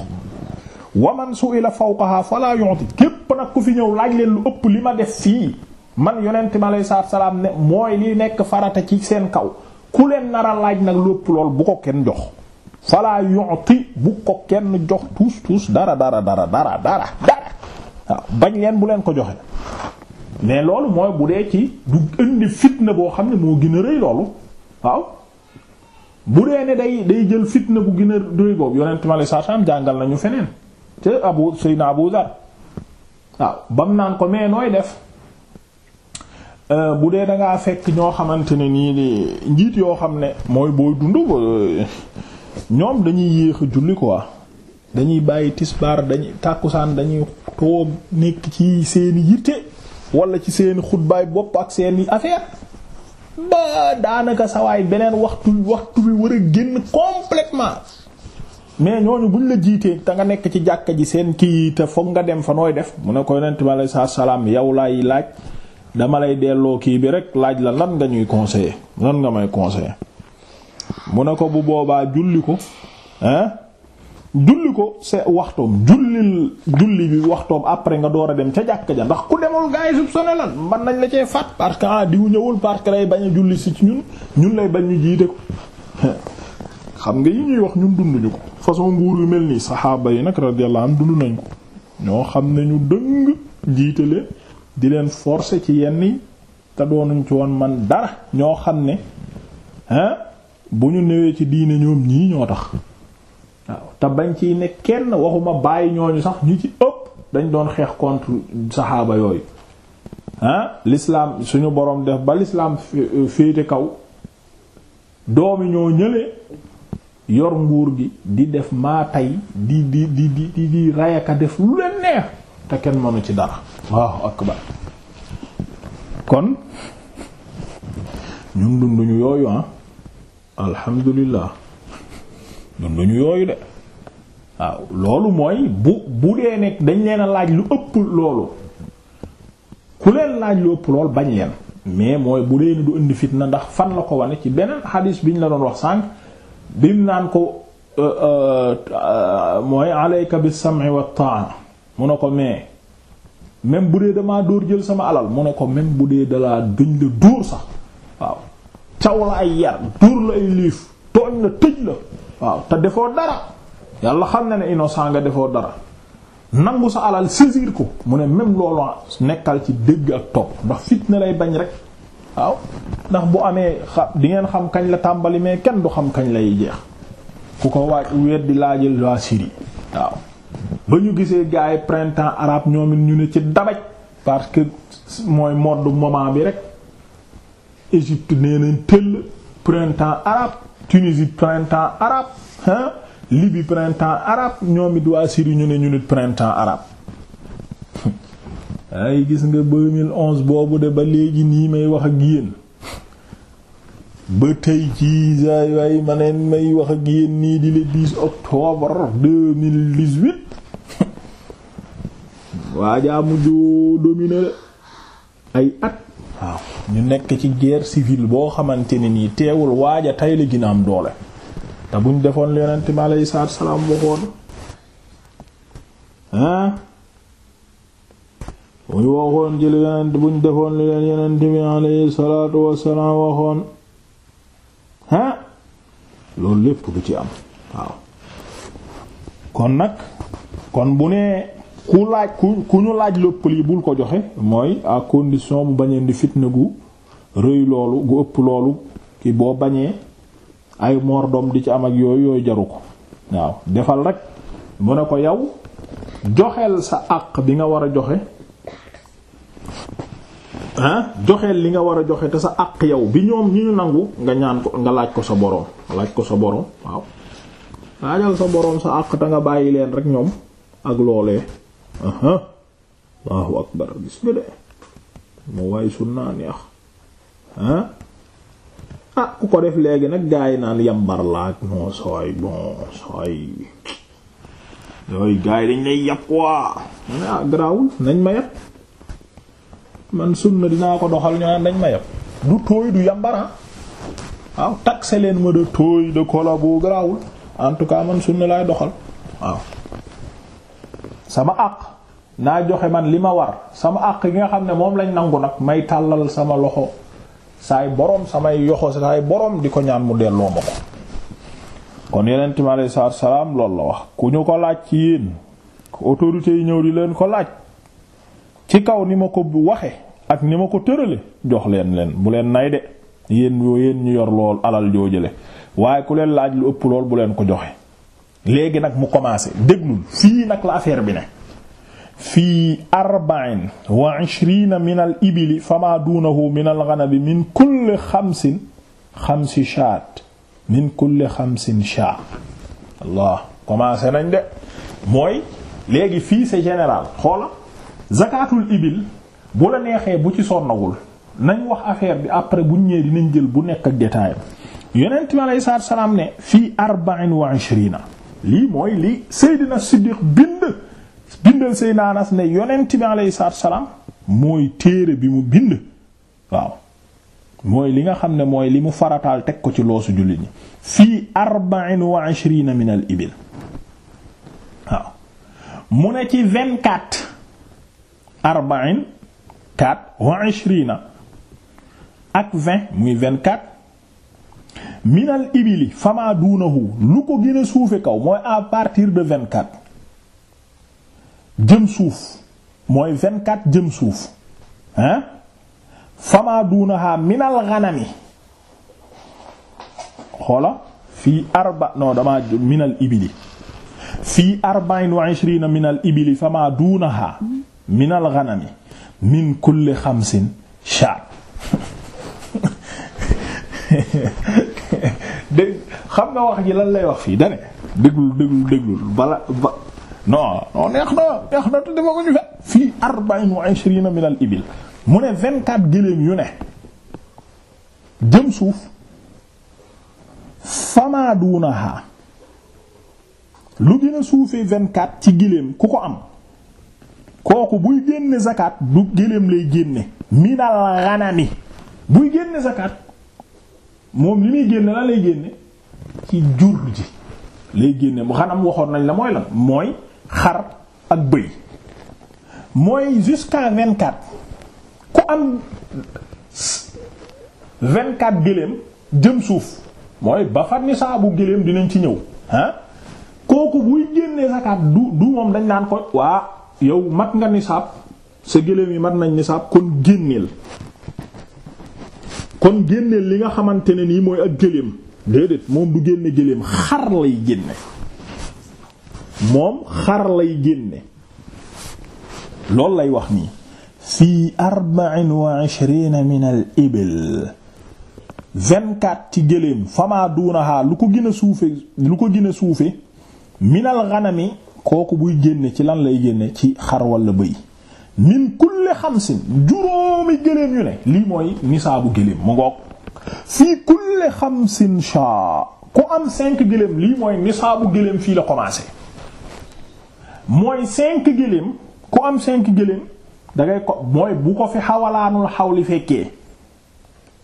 waman su ila fawqaha fala yonti képp nag ku fi ñëw laaj leen lu ëpp li ma def fii man yonent mi aleyhi salaatu salaam ne mooy li nekk farata ci seen kaw ku leen nara laaj nag lu ëpp lool bu ko kenn jox fala yonti bu ko kenn jox tuus tuus dara dara dara dara dara dara waaw bañ leen bu leen ko joxe mais loolu mooy bu dee ci du indi fitna boo xam ne moo gën a rëy loolu waaw bu dee ne day day jël fitna bu gën a rëy boobu yonent ma sa saasam jàngal nañu feneen te abu sayna abu dar waaw bam naan ko mais nooy def euh, bu dee dangaa fekk ñoo xamante ne nii njiit yoo xam ne mooy booy dund euh, ñoom dañuy yéex a julli quoi dañuy bàyyi tisbaar dañuy dañuy toog nekk ci seeni yitte wala ci seen xutbaay bopp ak seeni affaire ba daanaka sawaay beneen waxtu waxtu bi war a génn complètement mais ñooñu buñ la jiitee te nga nekk ci jàkka ji seen kii te foog nga dem fa nooy def mu ne ko yonent bi alayhi salaam yow laay laaj dama lay delloo kii bi rek laaj la lan nga ñuy conseiller lan nga may conseiller mu ne ko bu boobaa julli ko hein julli ko se waxtoom jullil julli bi waxtoom après nga door a dem ca jàkk ja ndax ku demul gars yi soupçonné man nañ la cee fàtt parce que ah diw ñëwul parce lay bañ a julli si ci ñun ñun lay bañ ñu jiite ko xam nga yi ñuy wax ñun dunduñu ko façon nguur yu mel nii saxaaba yi nag radiyallahu anhum dund nañ ko ñoo xam ne ñu dëng jiite leen di leen forcer ci yenn yi te doonuñ ci woon man dara ñoo xam ne hein bu ñu newee ci diine ñoom ñii ñoo tax te bañ ciy ne kenn waxuma bàyyi ñooñu sax ñu ci ëpp dañ doon xeex contre saxaaba yooyu ah l'islam suñu borom def ba l'islam euh, féete kaw doomi ñoo ñële yor nguur gi di def maa tey di di di di di rayaka def lu leen neex te kenn mënu ci dara waaw ba kon ñun dunduñu yooyu ah alhamdulillah dunduñu yooyu de waaw loolu mooy bu bu dee nekk dañ leen a laaj lu ëpp loolu ku leen laaj lu ëpp lool bañ leen mais mooy bu dee ni du indi fitna ndax fan la ko wane ci beneen xadiis bi ñu la doon wax sànq bim naan ko euh, euh, mooy alayka bis sam'i wa ta'a mu ne ko mais même bu dee damaa dóor jël sama alal mu ne ko même bu dee dalaa dañ la dóor sax waaw caw la ay yar dóor la ay liif tooñ la tëj la waaw te defoo dara yàlla xam na ne innocent nga defoo dara nangu sa alal saisir ko mu ne même loolu nekkal ci dégg ak topp ndax fitna lay bañ rek waaw ndax bu amee xa di ngeen xam kañ la tàmbali mais kenn du xam kañ lay jeex ku ko waaj weddi laajal waa Syrie waaw ba ñu gisee gars yi printemps arabe ñoom ñu ne ci dabaj parce que mooy mode moment bi rek Égypte nee nañ tëll printemps arabe. Tunisie printemps arabe hein Libye printemps arabe ñoom it waa Syrie ñu ne ñu nit printemps arabe ay gis nga boobu de ba léegi nii may wax ak yéen ba tey ci saa waay ma ne may wax ak yéen nii di le 10 octobre 2018 waajaa mujj ay at waaw ñu nekk ci guerre civile boo xamante ne nii teewul waaja tey la gin am doole te buñ defoon li yonent mi aleyhi salaatu salaam waxoon ah buñ defoon li leen yonent mi aleyhi loolu lépp du ci am waaw kon nag kon bu nee ku laaj ku ku ñu laaj lépp lii bul ko joxe mooy a condition mu bañeen di fitna gu rëy loolu gu ëpp loolu ki boo bañee ay mordom di ci am ak yooyu yooyu jaru ko waaw defal rek mu ne ko yow joxeel sa àq bi nga war a joxe ah joxeel li nga war a joxe te sa àq yow bi ñoom ñu nangu nga ñaan ko nga laaj ko sa boroom laaj ko sa boroom waaw laajal sa boroom sa àq te nga bàyyi leen rek ñoom ak loolee aha allahu akbar gis nga de moo waaye sunnaa neex ah ku ko def léegi nag gaa yi naan yambar laak non sooy bon sooy yooyu gaa yi dañ lay yàpp waa ma ne ah garaawul nañ ma yàpp man sunna dinaa ko doxal ñu naan nañ ma yàpp du tooy du yambara ah. waaw taxe leen ma de tooy de kola boo garaawul en tout cas man sunna laay doxal waaw sama àq naa joxe man li ma war sama àq yi nga xam ne moom lañ nangu nag may tàllal sama loxo saay boroom samay yoxo saay boroom di ko ñaan mu delloo ma ko kon yeneen mi aleyhi salaam loolu la wax ku ñu ko laaj ci yéen autorité yi ñëw di leen ko laaj ci kaw ni ma ko waxe ak ni ma ko tërale jox leen leen bu leen nay de yéen yéen ñu yor lool alal joojale waaye ku leen laaj lu ëpp lool bu leen ko joxe léegi nag mu commencé déglul fii nag la affaire bi ne fii arba'in wa ishrina min al ibili fama duunahu min al ghanami min kulli xamsin xamsi shaat min kulli xamsin shaa allah commencé nañ de mooy léegi fii c'est général xoola zakatul ibil bu la neexee bu ci sonnawul nañ wax affaire bi après bu ñëwee dinañ jël bu nekk ak détail yonent bi fii arba'in wa ishrina lii mooy lii Seydina Siddiq bind bindal Seydina Anas ne yonent bi alayhi salaatu salaam mooy téere bi mu bind waaw mooy li nga xam ne mooy li mu farataal teg ko ci loosu jullit ñi fii arba'in wa ishrina min al ibil waaw mu ne ci vingt-quatre arba'in quatre wa ishrina ak vingt muy vingt-quatre minal ibili fama duunahu lu ko gën a suufe kaw mooy à partir de vingt-quatre jëm suuf mooy vingt-quatre jëm suuf hein fama duunaha minal ghanami xoola fii arba non damaa minal ibili fii arba'in wa ishrina minal ibili fama duunaha minal ghanami min kulli xamsin shaat dégg xam nga wax ji lan lay wax fii dane déglul déglul déglul bala ba non non neex na neex na te dama ko ñu fe fii arba'in wa ishrina min ibil mu ne vingt-quatre géléem yu ne jëm suuf famaa duunaha lu gën a suufee vingt-quatre ci géléem ku ko am kooku buy génne zakat du géléem lay génne minal ghanami buy génne zakat moom li muy génne lan lay génne ci jur ji lay génne mu xanam waxoon nañ la mooy lan mooy xar ak bëy mooy jusqu'à vingt-quatre ku am vingt-quatre géléem jëm suuf mooy ba fa nisaabu géléem dinañ ci ñëw ah kooku buy génnee zakat du du moom dañ naan ko waa yow mat nga nisaab sa géléem yi mat nañ nisaab kon génneel kon génneel li nga xamante ne nii mooy ak gëléem déedéet moom du génne gëléem xar lay génne moom xar lay génne loolu lay wax nii fii arba'in wa ishrina min al ibil vingt-quatre ci gëléem famaa duunahaa lu ko gën a suufe lu ko gën suufe minal ghanami kooku buy génne ci lan lay génne ci xar walla bëy min xam xamsin juróomi gëléem yu ne lii mooy nisaabu gëléem mu ngoog fii kulli xamsin shaa ku am cinq gëléem lii mooy nisaabu gëléem fii la commencé mooy cinq gëléem ku am cinq gëléem dangay ko mooy bu ko fi xawalaanul xawli fekkee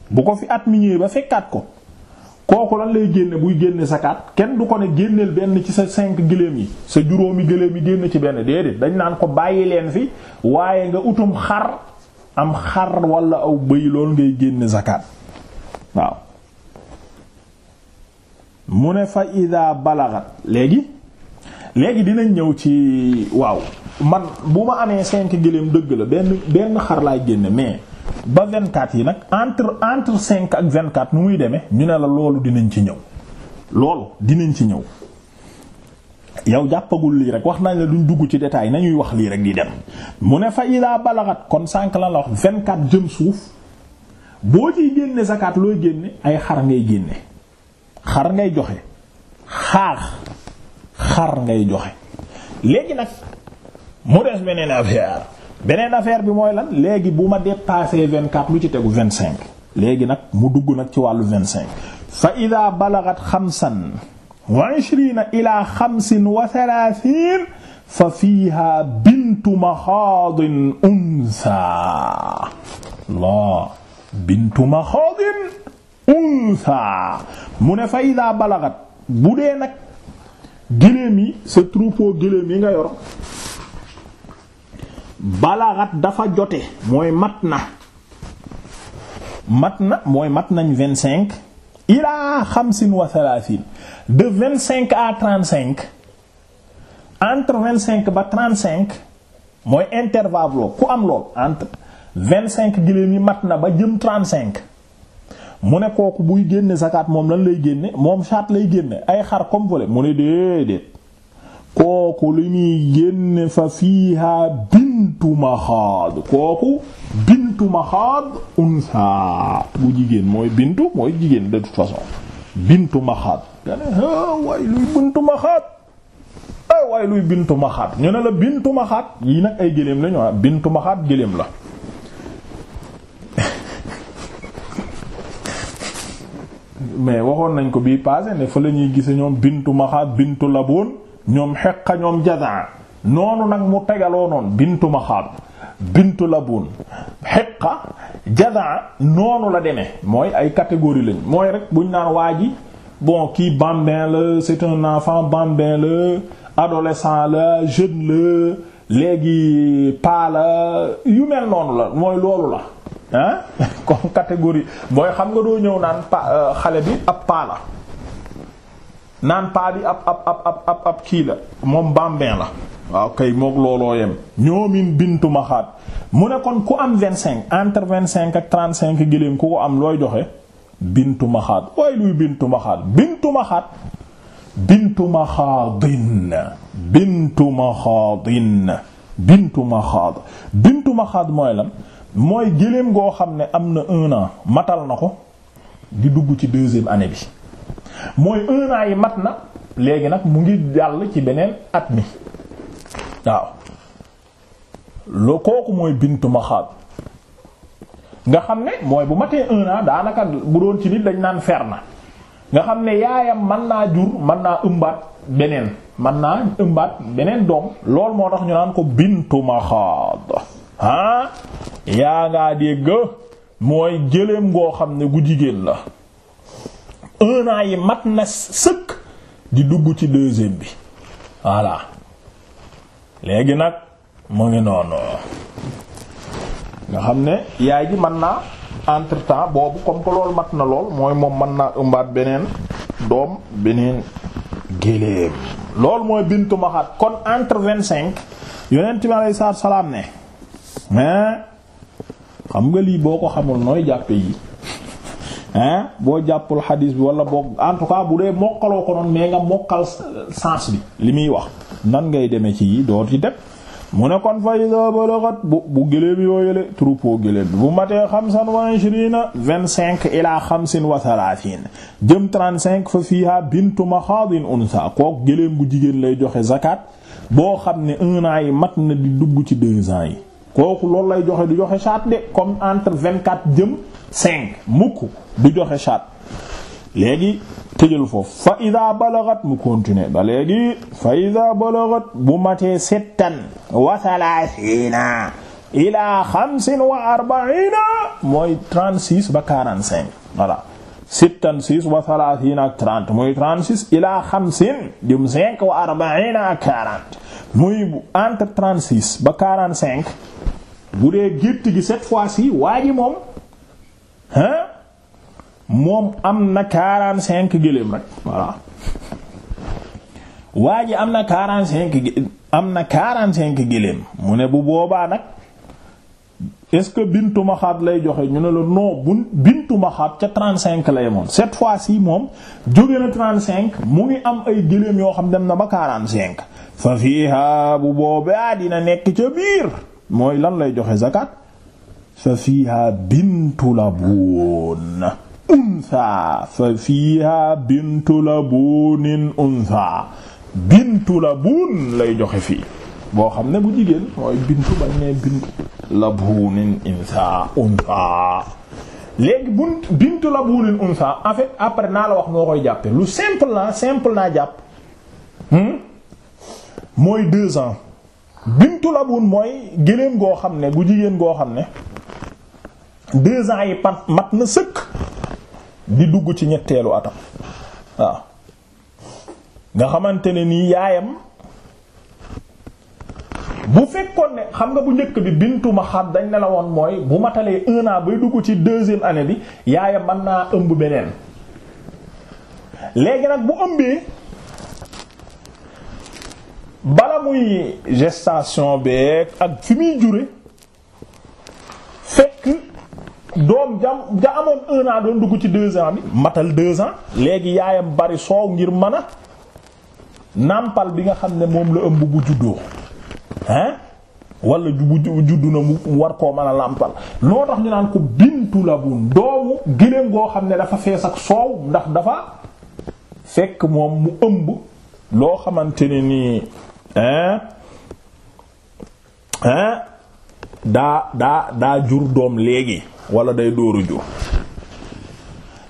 bu ko fi at mi ba fekkaat ko kooku lan lay génne buy génne zakat kenn du ko ne génneel benn ci sa cinq gëléem yi sa juróomi gëléem yi génn ci benn déedéet dañ naan ko bàyyi leen fi waaye nga utum xar am xar wala aw bëy lool ngay génne zakat waaw mu ne fa ida balagat léegi léegi dinañ ñëw ci waaw man bu ma amee cinq gëléem dëgg la benn benn xar laay génne mais ba vingt 24 yi nag entre entre cinq ak vingt 24 nu muy demee ñu ne la loolu dinañ ci ñëw loolu dinañ ci ñëw yow jàppagul lii rek wax nañ la duñ dugg ci détail nañuy wax lii rek di dem mu ne fa ida balagat kon sànq lan la wax 24 jëm suuf boo ciy génne zakat looy génne ay xar ngay génne xar ngay joxe xaax xar ngay joxe léegi nag mu des beneen affaire beneen affaire bi mooy lan léegi bu ma dépassé vingt quatre lu ci tegu vingt cinq léegi nag mu dugg nag ci wàllu vingt cinq fa ida balagat xamsan wa ishrina ila xamsin wa thalathin fa fiiha bintu maxaadin unsa la bintu maxaadin unsa mu ne fa ida balagat bu dee nag géléem yi sa troupeau géléem yi nga yor balaxat dafa jote mooy mat na mat na mooy mat nañ vingt cinq ilaa xamsin wa thalathine de vingt cinq à trente cinq entre vingt cinq ba trent cinq mooy intervalle lool ku am lool entre vingt cinq giléem yi mat na ba jëm trente cinq mu ne kooku buy génne zakat moom lan lay génne moom chat lay génne ay xar comme volé mu ne déedéet kooku li muy génne fa fiiha bintu maxaad kooku bintu maxaad unsa bu jigéen mooy bintu mooy jigéen de toute façon bintu maxaad nga ne waay luy bintu maxaad ay ñu ne la bintu maxaad yi nag ay géléem la ñu ah bintu maxaad géléem la mais waxoon nañ ko bii passé ne fa la ñuy gise ñoom bintu maxaad bintu laboon ñoom xeqa ñoom jazaa noonu nag mu tegaloo noonu bintu maxaab bintu labun xeqa jazaa noonu la deme mooy ay catégorie lañ mooy rek buñ naan waa ji bon kii bambin la c'est un enfant bambin la adolescent la jeune la léegi paa la yu mel noonu la mooy loolu la ah comme catégorie booy xam nga doo ñëw naan pa euh, xale bi ab paa naan paa bi ab ab ab ab ab kii la moom bambin la waaw kay mook looloo yem ñoomin bintu maxaat mu ne kon ku am vingt cinq entre vingt cinq ak trente cinq giléem ku ko am looy joxe bintu maxaat waaye luy bintu maxaat bintu bintu maxaadin bintu bintu maxaad bintu mooy lan mooy giléem goo xam ne am na un an matal na ko di dugg ci deuxième année bi mooy un an yi mat na léegi nag mu ngi jàll ci beneen at mi waaw loo kooku mooy bintu maxaab nga xam ne mooy bu matee un daanaka bu doon ci nit dañ naan fer na nga xam ne yaayam man naa jur mën naa ëmbaat beneen mën naa ëmbaat beneen doom lool moo tax ñu naan ko bintu maxaad ah yaa ngaa dégg mooy gëléem ngoo xam ne gu jigéen la un an yi mat na sëkk di dugg ci deuxième bi voilà léegi nag mu ngi noonu nga xam ne yaay ji mën naa entre boobu comme que loolu mat na lool mooy moom mën naa ëmbaat beneen doom beneen géléem loolu mooy bintu maxaat kon entre vingt cinq yonent bi alayhi salaam ne mais xam nga lii boo ko xamul nooy jàppe yi hein boo jàppul xadiis bi wala boo en tout cas bu dee mokkaloo ko noonu mais nga mokkal sens bi li muy wax nan ngay demee ci yi doo ci dem mu ne kon fa bu bu gëléem yoo bi bu matee xamsan wa ishrina vingt cinq ila xamsin wa thalathin jëm trent cinq fa fiha bintu maxaadin unsa kook gëléem gu jigéen lay joxe zakat boo xam ne un an yi mat na di dugg ci deux yi kooku loolu lay joxe di joxe charte de comme entre vingt-quatre jëm cinq mukk di joxe charte léegi tëjal foofu fa ida balagat mu continuer ba léegi fa ida balagat bu matee settan wa thalathina ila xamsin wa arbaina ba quarante-cinq voilà sittan six wa thalathina ak trente muy trente-six muy entre ba quarante-cinq bu dee gétt gi cette fois-ci waa ji moom hein moom am na quarante rek waa ji am na quarante na quarante cinq gëléem mu ne bu boobaa nag est-ce que bintu maxaat lay joxe ñu ne la non bu bintu maxaat ca trente cinq lay moom cette fois-ci moom jóge na trente cinq mu ngi am ay gëléem yoo xam dem na ba quarante cinq fa bu boobaa dina nekk ca biir mooy lan lay joxe zakat fa fiiha bintu labuun untha fa fiiha bintu labuunin untha bintu labuun lay joxe fii boo xam ne bu jigéen mooy bintu bañ ne bintu labuunin untha untha léegi bintu labuunin untha en après naa la wax noo koy jàppe lu simple la simple naa jàpp hmm? mooy deux ans bintu labun mooy géléem goo xam ne gu jigéen goo xam ne deux ans yi pat mat na sëkk di dugg ci ñetteelu atam waaw nga xamante ne nii yaayam bu fekkoon ne xam nga bu njëkk bi bintu ma xam dañ ne la woon mooy bu matalee un an bay dugg ci deuxième année bi yaayam mën naa ëmb beneen léegi nag bu ëmbee bala muy gestation beeg ak fi muy jure fekk doom jam ja amoon un doon dugg ci deux ans bi matal deux léegi yaayam bari soow ngir mën a nàmpal bi nga xam ne moom la ëmb bu juddoo hein wala bu juddu na mu war koo mën a làmpal loo tax ñu naan ko bintu la bun doomu giléem goo xam ne dafa fees ak soow ndax dafa fekk moom mu ëmb loo xamante ne nii hein daa daa daa jur doom léegi wala day dóoru jur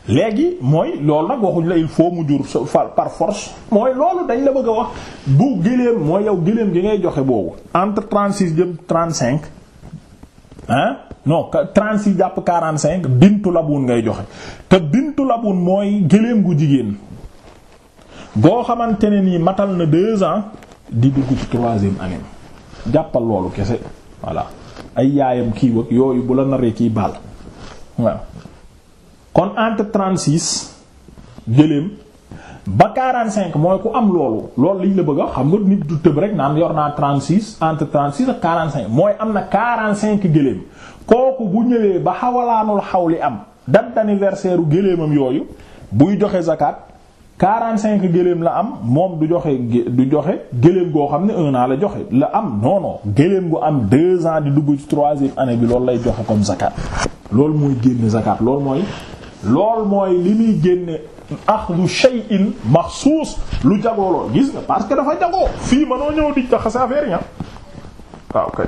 léegi mooy loolu nag waxuñ la il faut mu jur par force mooy loolu dañ la bëgg a wax bu gëléem mooy yow gëléem gi ngay joxe boobu entre trente six jëm trente cinq ah non trente jàpp quarante cinq bintu labun ngay joxe te bintu labun mooy gëléem gu jigéen boo xamante ne nii matal na deux ans di dugg ci troisième année jàppal loolu kese voilà ay yaayam kii wag yooyu bu la naree kiy baal waaw kon entre trente-six ba quarante-cinq mooy ku am loolu loolu liñ la bëgg xam nga nit du tëb rek naan yor naa trente-six entre trente-six ak mooy am na quarante-cinq gëléem kooku bu ñëwee ba xawalaanul xaw li am date d'anniversaire u yooyu buy joxe zakat cinq gëléem la am moom du joxe du joxe gëléem goo xam ne un an la joxe la am non non gu am deux di dugg ci troisième année bi loolu lay joxe comme zakat loolu mooy génne zakat loolu mooy loolu mooy li muy génne axdu shay'in maxsuus lu jagoo lool gis nga parce que dafa jagoo fii noo ñëw di tax sa affaire ña ah. waaw kay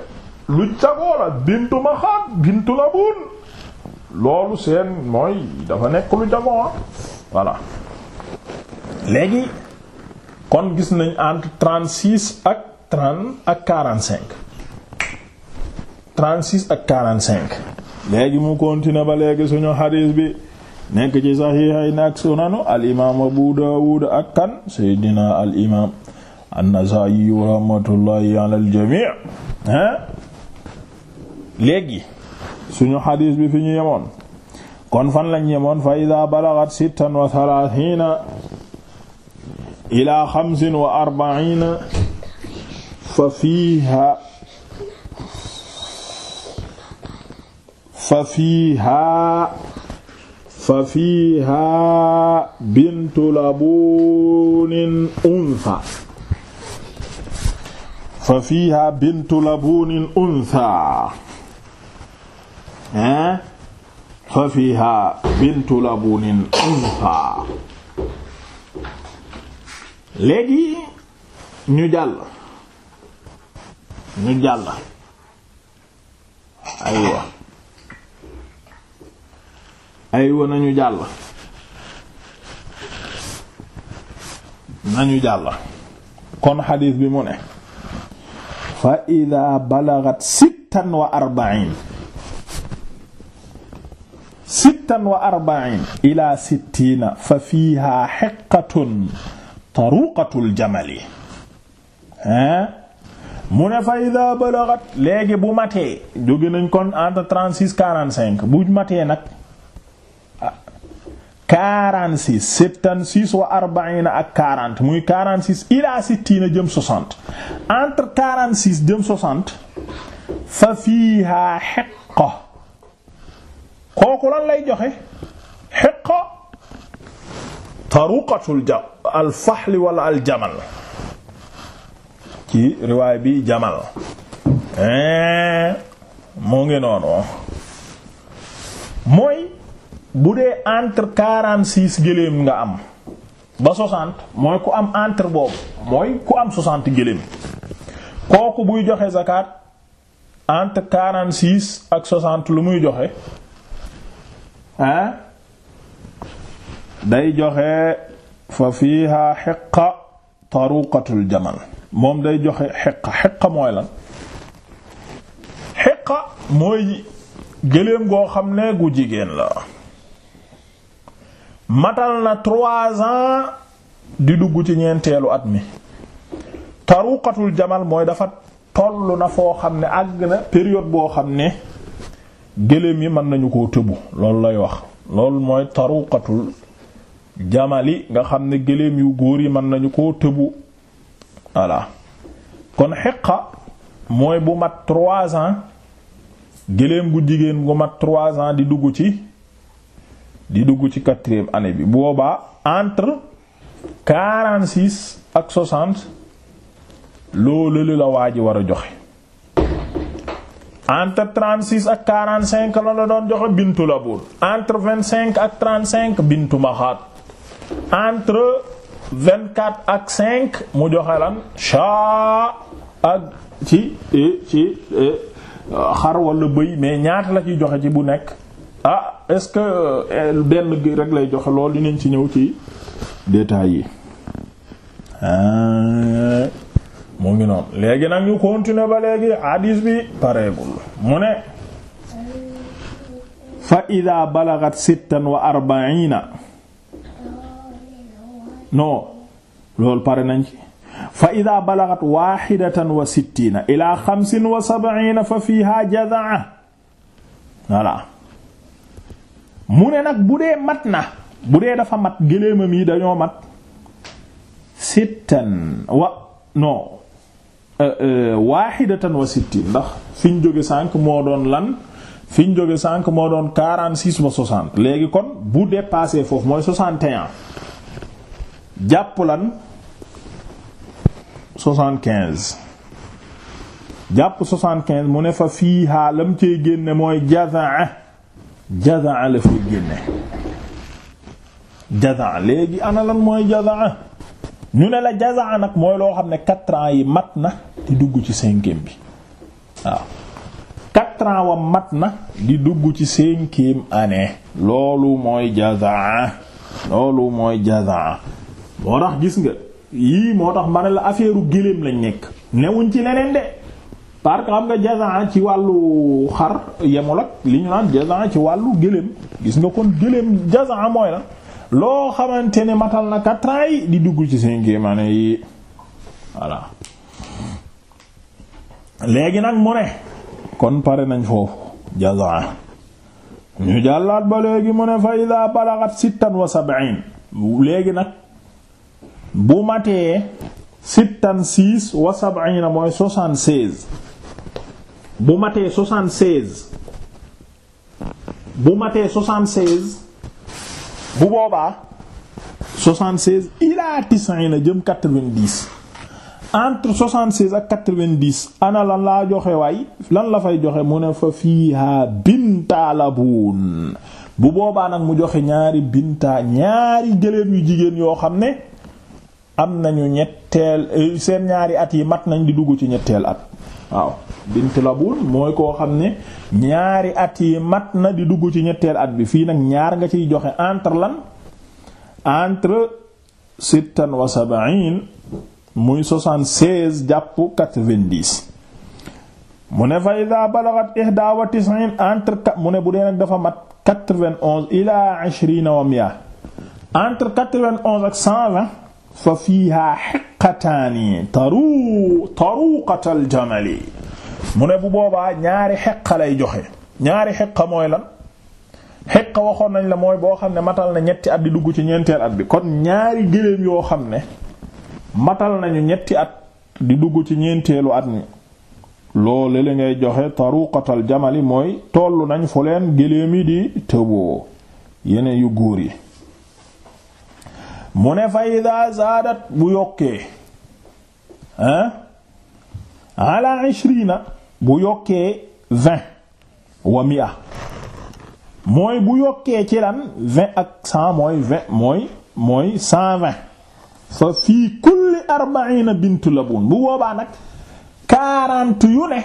lu jagoo la bintu maxaat bintu labun loolu seen mooy dafa nekk lu jagoo ah voilà léegi kon gis nañ entre trente-six ak trente ak quarante-cinq trente-six ak cinq léegi mu continuer ba léegi suñu xadiis bi nekk ci saxiixayni ak sunanu al imaam Abu Daawuud ak kan Seydina al imaam An-Nasaa'i rahmatullahi ala jamii hein léegi suñu xadiis bi fi ñu yemoon kon fan lañ yemoon fa idaa balagat sittan wa thalaathiina ilaa xamsin wa arbaina fa fiiha fa fiiha fa fiiha bintu labunin untha fa fiiha bintu labunin untha hein fa fiiha bintu labunin untha léegi ñu jàll ñu jàll aywa jàll nañu jàll kon xadiis bi mu ne fa ida balagat sittan wa arbain sittan wa arbain ila sittina fa fiiha hiqqatun taruqatul jamali hein mu ne fa ida balagat léegi bu matee jóge nañ kon entre trente-six quarante-cinq bu matee nag ah, quarante-six soixante-seize wa arbaine ak quarante muy quarante-six ila sittina jëm soixante entre quarante-six jëm soixante fa fiiha hiqqa kooku lan lay joxe hiqqa taruqatul ja alfaxli wala aljamal ci riwaay bi jamal mu ngi noonu mooy bu dee entre quarante six gëléem nga am ba soixante mooy ku am entre boobu mooy ku am soixante gëléem kooku buy joxe zakat entre quarante six ak soixante lu muy joxe day joxe fa fiiha xiqa taruqatul jamal moom day joxe xiqa xiqa mooy lan xiqa mooy gëléem goo xam ne gu jigéen la matal na trois ans di dugg ci ñeenteelu at mi taruqatul jamal mooy dafa tollu na foo xam ne àgg na période boo xam ne gëléem yi mën nañu koo tëbu loolu lay wax loolu mooy taruqatul jamali nga xam ne gëléem yu góor yi mën nañu ko tëbu voilà kon xiqa mooy bu mat trois ans gëléem gu jigéen gu mat trois ans di dugg ci di dugg ci quatrième année bi boobaa entre quarante six ak loolu la waa ji war a joxe entre trente six ak quarante la la doon joxe bintu la buur entre vingt cinq ak trente cinq bintu maxaat entre vingt-quatre ak cinq mu joxe lan shaa ak ci e, ci e, xar wala bëy mais ñaata la ciy joxe ci bu nekk ah est-ce que e, benn gi rek lay joxe loolu dinañ ci ñëw ci détails yi ah, mu ngi noonu léegi nag ñu continuer ba léegi hadis bi pareegul mu ne fa ida balagat sittan wa arbaina non loolu pare nañ ci fa ida balagat waxidatan wa sittina ila xamsin wa sab'ina fa fiha jadaa voilà mu ne nag bu dee mat na bu dee dafa mat gëléemam yi dañoo mat sittan wa non euh, euh, waxidatan wa sittin ndax fi ñu jóge sànq moo doon lan fi ñu jóge sànq moo doon 46 ba 60 léegi kon bu dépassé foofu mooy 61 jàpp lan jàpp soixante-quinze mu ne fa fii xaalam cee génne mooy jazaa jazaa la fay génne jazaa léegi ana lan mooy jazaa ñu ne la jazaa nag mooy loo xam ne quatre ans yi mat na di dugg ci cinquième bi waaw quatre ans wa mat na di dugg ci cinquième année loolu mooy jazaa loolu mooy jazaa moo tax gis nga yii moo tax ma la affaire géléem lañ nekk newuñ ci leneen de parce que xam nga ci wàllu xar yemul ak li ñu naan jazan ci wàllu géléem gis nga kon géléem jazan mooy la loo xamante ne matal na quatre ans di dugg ci cinquième année yi voilà léegi nag mu ne kon pare nañ foofu jazan ñu jàllaat ba léegi mu ne fa ida balagat sittan wa sab'in léegi nag bu matee sittan six wa sab'ina mooy soixante-seize bu matee soixante-seize bu matee soixante-seize bu boobaa soixante-seize jëm quatre-vingt-dix entre soixante-seize ak quatre-vingt-dix ana lan laa joxe waay lan la fay joxe mu ne fa fiiha bintaalabun bu boobaa nag mu joxe ñaari bintaa ñaari gëléem yu jigéen yoo xam ne am nañu ñetteel euh, seen ñaari at yi mat nañ di dugg ci ñetteel at waaw bint labul mooy koo xam ne ñaari at yi mat na di dugg ci ñetteel at bi fii nag ñaar nga ciy joxe entre lan entre sittan wa sab'in muy jàpp quatre vingt mu ne fa ida balagat ihda entre mu ne bu dee nag dafa mat quatre-vingt-onze entre ak fa fiiha xeqataani taru taruqatal jamali mu ne bu boobaa ñaari xeqa lay joxe ñaari xeqa mooy lan xeqa waxoon nañ la mooy boo xam ne matal na ñetti at di dugg ci ñeenteel at bi kon ñaari gëléem yoo xam ne matal nañu ñetti at di dugg ci ñeenteelu at ni loolu li ngay joxe taruqatal jamali mooy tollu nañ fu leen gëléem yi di tëboo yeneen yu góor yi mu ne fa ida zaadat bu yokkee ah ala ishrina bu yokkee vingt wa mia mooy bu yokkee ci lan vingt ak cent mooy vingt mooy mooy cent vingt fa fii kulli arbaina bintu labun bu boobaa nag quarante yu ne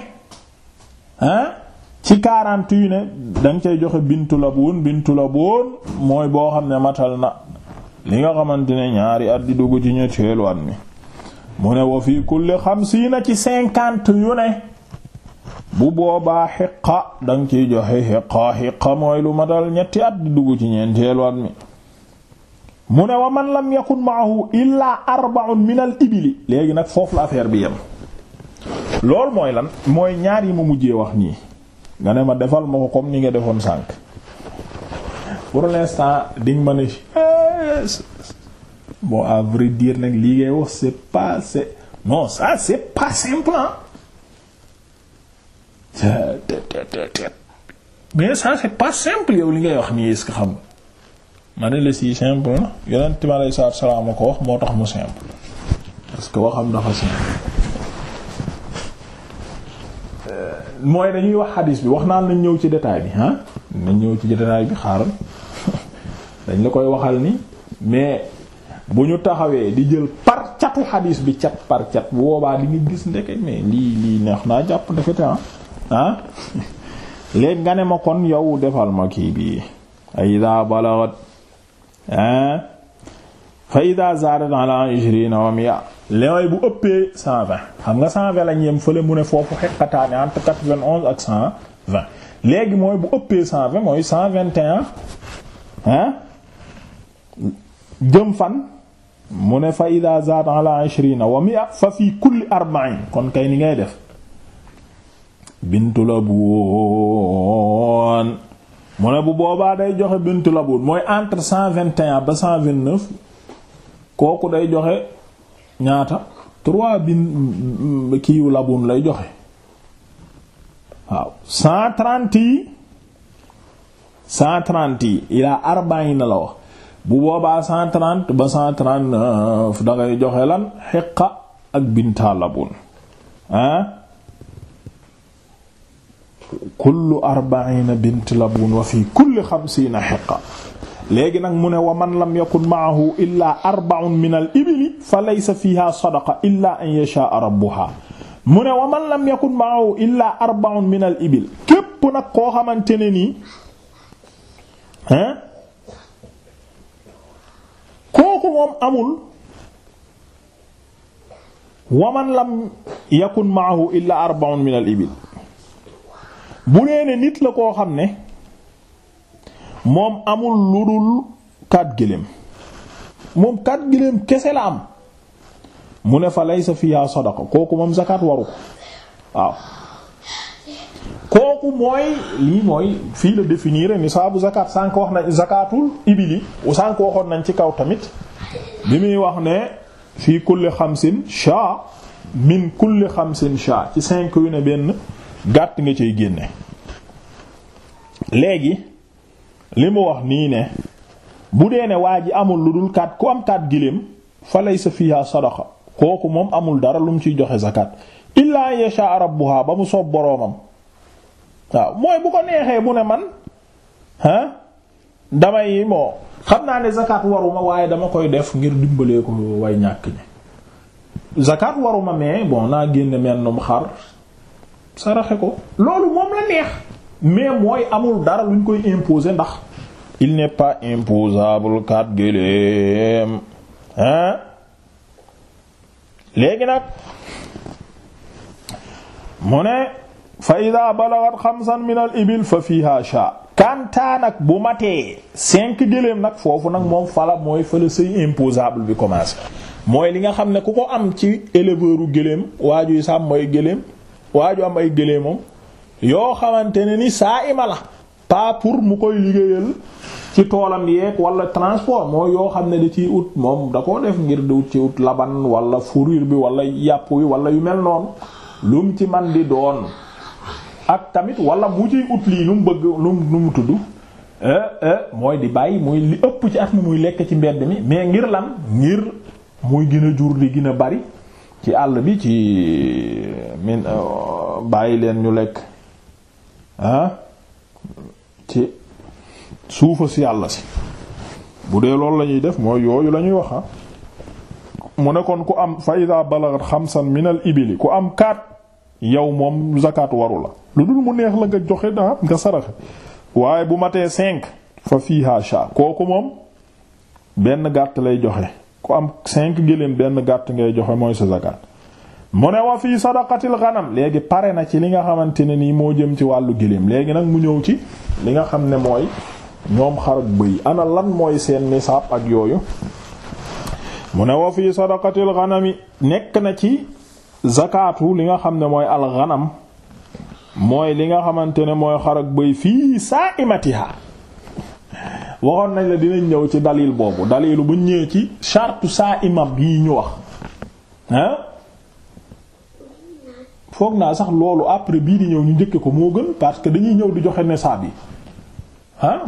ah ci quarante yu ne danga cay joxe bintu labun bintu labun mooy boo xam ne matal na li nga xamante ne ñaari at di dugg ci ñetteelu at mi mu ne wa fii kulli xamsiina ci cinquante yu ne bu boobaa xiqa dang ciy joxe xiqa xiqa mooy lu matal ñetti at di dugg ci ñeenteelu at mi mu ne wa man la yakun maahu illaa arba'un min al ibili léegi nag foofu la affaire bi yem loolu mooy lan mooy ñaar yi ma mujjee wax nii nga ne ma defal ma ko comme ni nga defoon sànq pour l'instant diñ ma ne bon à vrai dire nag lii ngay wax c'est pas c'est non ça c'est pas simple mais ça c'est pas simple yow li ngay wax nii est-ce xam nga ne la si simple na yonent mi aleyhi salaatu wa salaam ko wax moo tax mu simple parce que waxam dafa simple euh, mooy dañuy wax xadiis bi wax naan nañ ñëw ci détail bi ah nañ ñëw ci détail bi xaaral dañ la koy waxal ni mais bu ñu taxawee di jël par catu xadiis bi cat par cat bu boobaa di nga gis ndeke mais lii lii neex naa jàpp ndekete ah ah léegi nga ne ma kon yow defal ma kii bi ida balagat ah. fa ida zadat ala ishrina wa mi'a léegi bu ëppee 120 xam nga 120 lañ yem fële mu ne foofu xeqataane entre 91 ak 120 léegi mooy bu ëppee 120 mooy 121 ah jëm fan mu ne fa ida zaat ala ishrina wa mia fa fi kulli arba'in kon kay ni ngay def bintu labuun mu ne bu boobaa day joxe bintu labuun mooy entre cent vingt et un ba cent vingt neuf kooku day joxe ñaata trois bin kiiwu labuun lay joxe waaw cent trente yi cent trente yi ila arba'in la wax bu boobaa 130 ba 139 da ngay joxe lan xiqa ak binta labun ah kullu arbaina bint labun wa fi kulli xamsiina xiqa léegi nag mu ne wa man lam yakun maahu illa arba'un min al fa laysa fiha sadaqa illa an yashaa rabbuha mu ne wa man lam yakun maahu illa arba'un min ibil koo xamante ne nii kooku moom amul waman lam yakun maahu illa arba'un min al ibil bu nee nit la koo xam ne moom amul lu dul kat gëléem moom kat gëléem kese la am mu ne fa laysa fiha sadaqa kooku moom zakat waru ko waaw kooku mooy lii mooy fii la définir nisaabu zakat sànq wax na zakatul ibili sànq waxoon nañ ci kaw tamit bi muy wax ne fii kulli xamsin sha min kulli xamsin sha ci cinq yu ne benn gàtt nga cay génne léegi li mu wax nii ne bu dee ne waa ji amul lu dul kat ku am kat giléem fa laysa fiha sadaqa kooku moom amul dara lu mu ciy joxe zakat illaa yasha rabbuha ba mu soob boroomam waaw mooy bu ko neexee mu ne man ah damay moo xam naa ne zakat waruma waaye dama koy def ngir dimbalee ko way ñàkk ñi zakat waruma mais bon naa génne mennum xar saraxe ko loolu moom la neex mais mooy amul dara luñ koy imposer ndax il n'est pas imposable kat gëléem hein léegi nag mu ne fa ida balagat xamsan min al ibil fa fiha sha kanta nag bu matee cinq gëléem nag foofu nag moom fala mooy fala sëy imposable bi commencé mooy li nga xam ne ku ko am ci éleveur u gëléem waajuy sàmm ay gëléem waaju am ay gëléemam yoo xamante ne ni saa ima la pas pour mu koy liggéeyal ci toolam yeeg wala transport mooy yoo xam ne da ciy ut moom da koo def ngir di ut laban wala fourrure bi wala yàpp wi wala yu mel noonu lum ci man di doon ak tamit walla mu ciy ut lii nu mu bëgg lu mu tudd eh, eh, mooy di bàyyi muy ëpp ci at mi muy lekk ci mbedd mi mais ngir lan ngir muy gën a jur di gën a bari ci àll bi ci min euh, bàyyi leen ñu lekk ah ci suufa si yàlla si bu dee loolu la ñuy def mooy yooyu lañuy wax ah. mu ne kon ku am fa ida balagat xamsan min al ibili ku am quatre yow moom zakat waru la lu dul mu neex la nga joxe daa nga saraxe waaye bu matee cinq fa fii hacha kooku moom benn gàtt lay joxe ku am cinq gëléem benn gàtt ngay joxe mooy sa zakat mu ne wa fii sadaqatil ghanam léegi pare na ci li nga xamante ne nii moo jëm ci wàllu gëléem léegi nag mu ñëw ci li nga xam ne mooy ñoom xar ak bëy ana lan mooy seen nisaab ak yooyu mu ne wa fii sadaqatil ghanami nekk na ci zakaatu li nga xam ne mooy alxanam mooy li nga xamante ne mooy xar ak bëy fii saa imatiha waxoon nañ la dinañ ñëw ci dalil boobu dalilu bu ñëwee ci chartu saa imam yi ñu wax hein foog naa sax loolu après bii di ñëw ñu njëkke ko moo gën parce que dañuy ñëw di joxe nisaab yi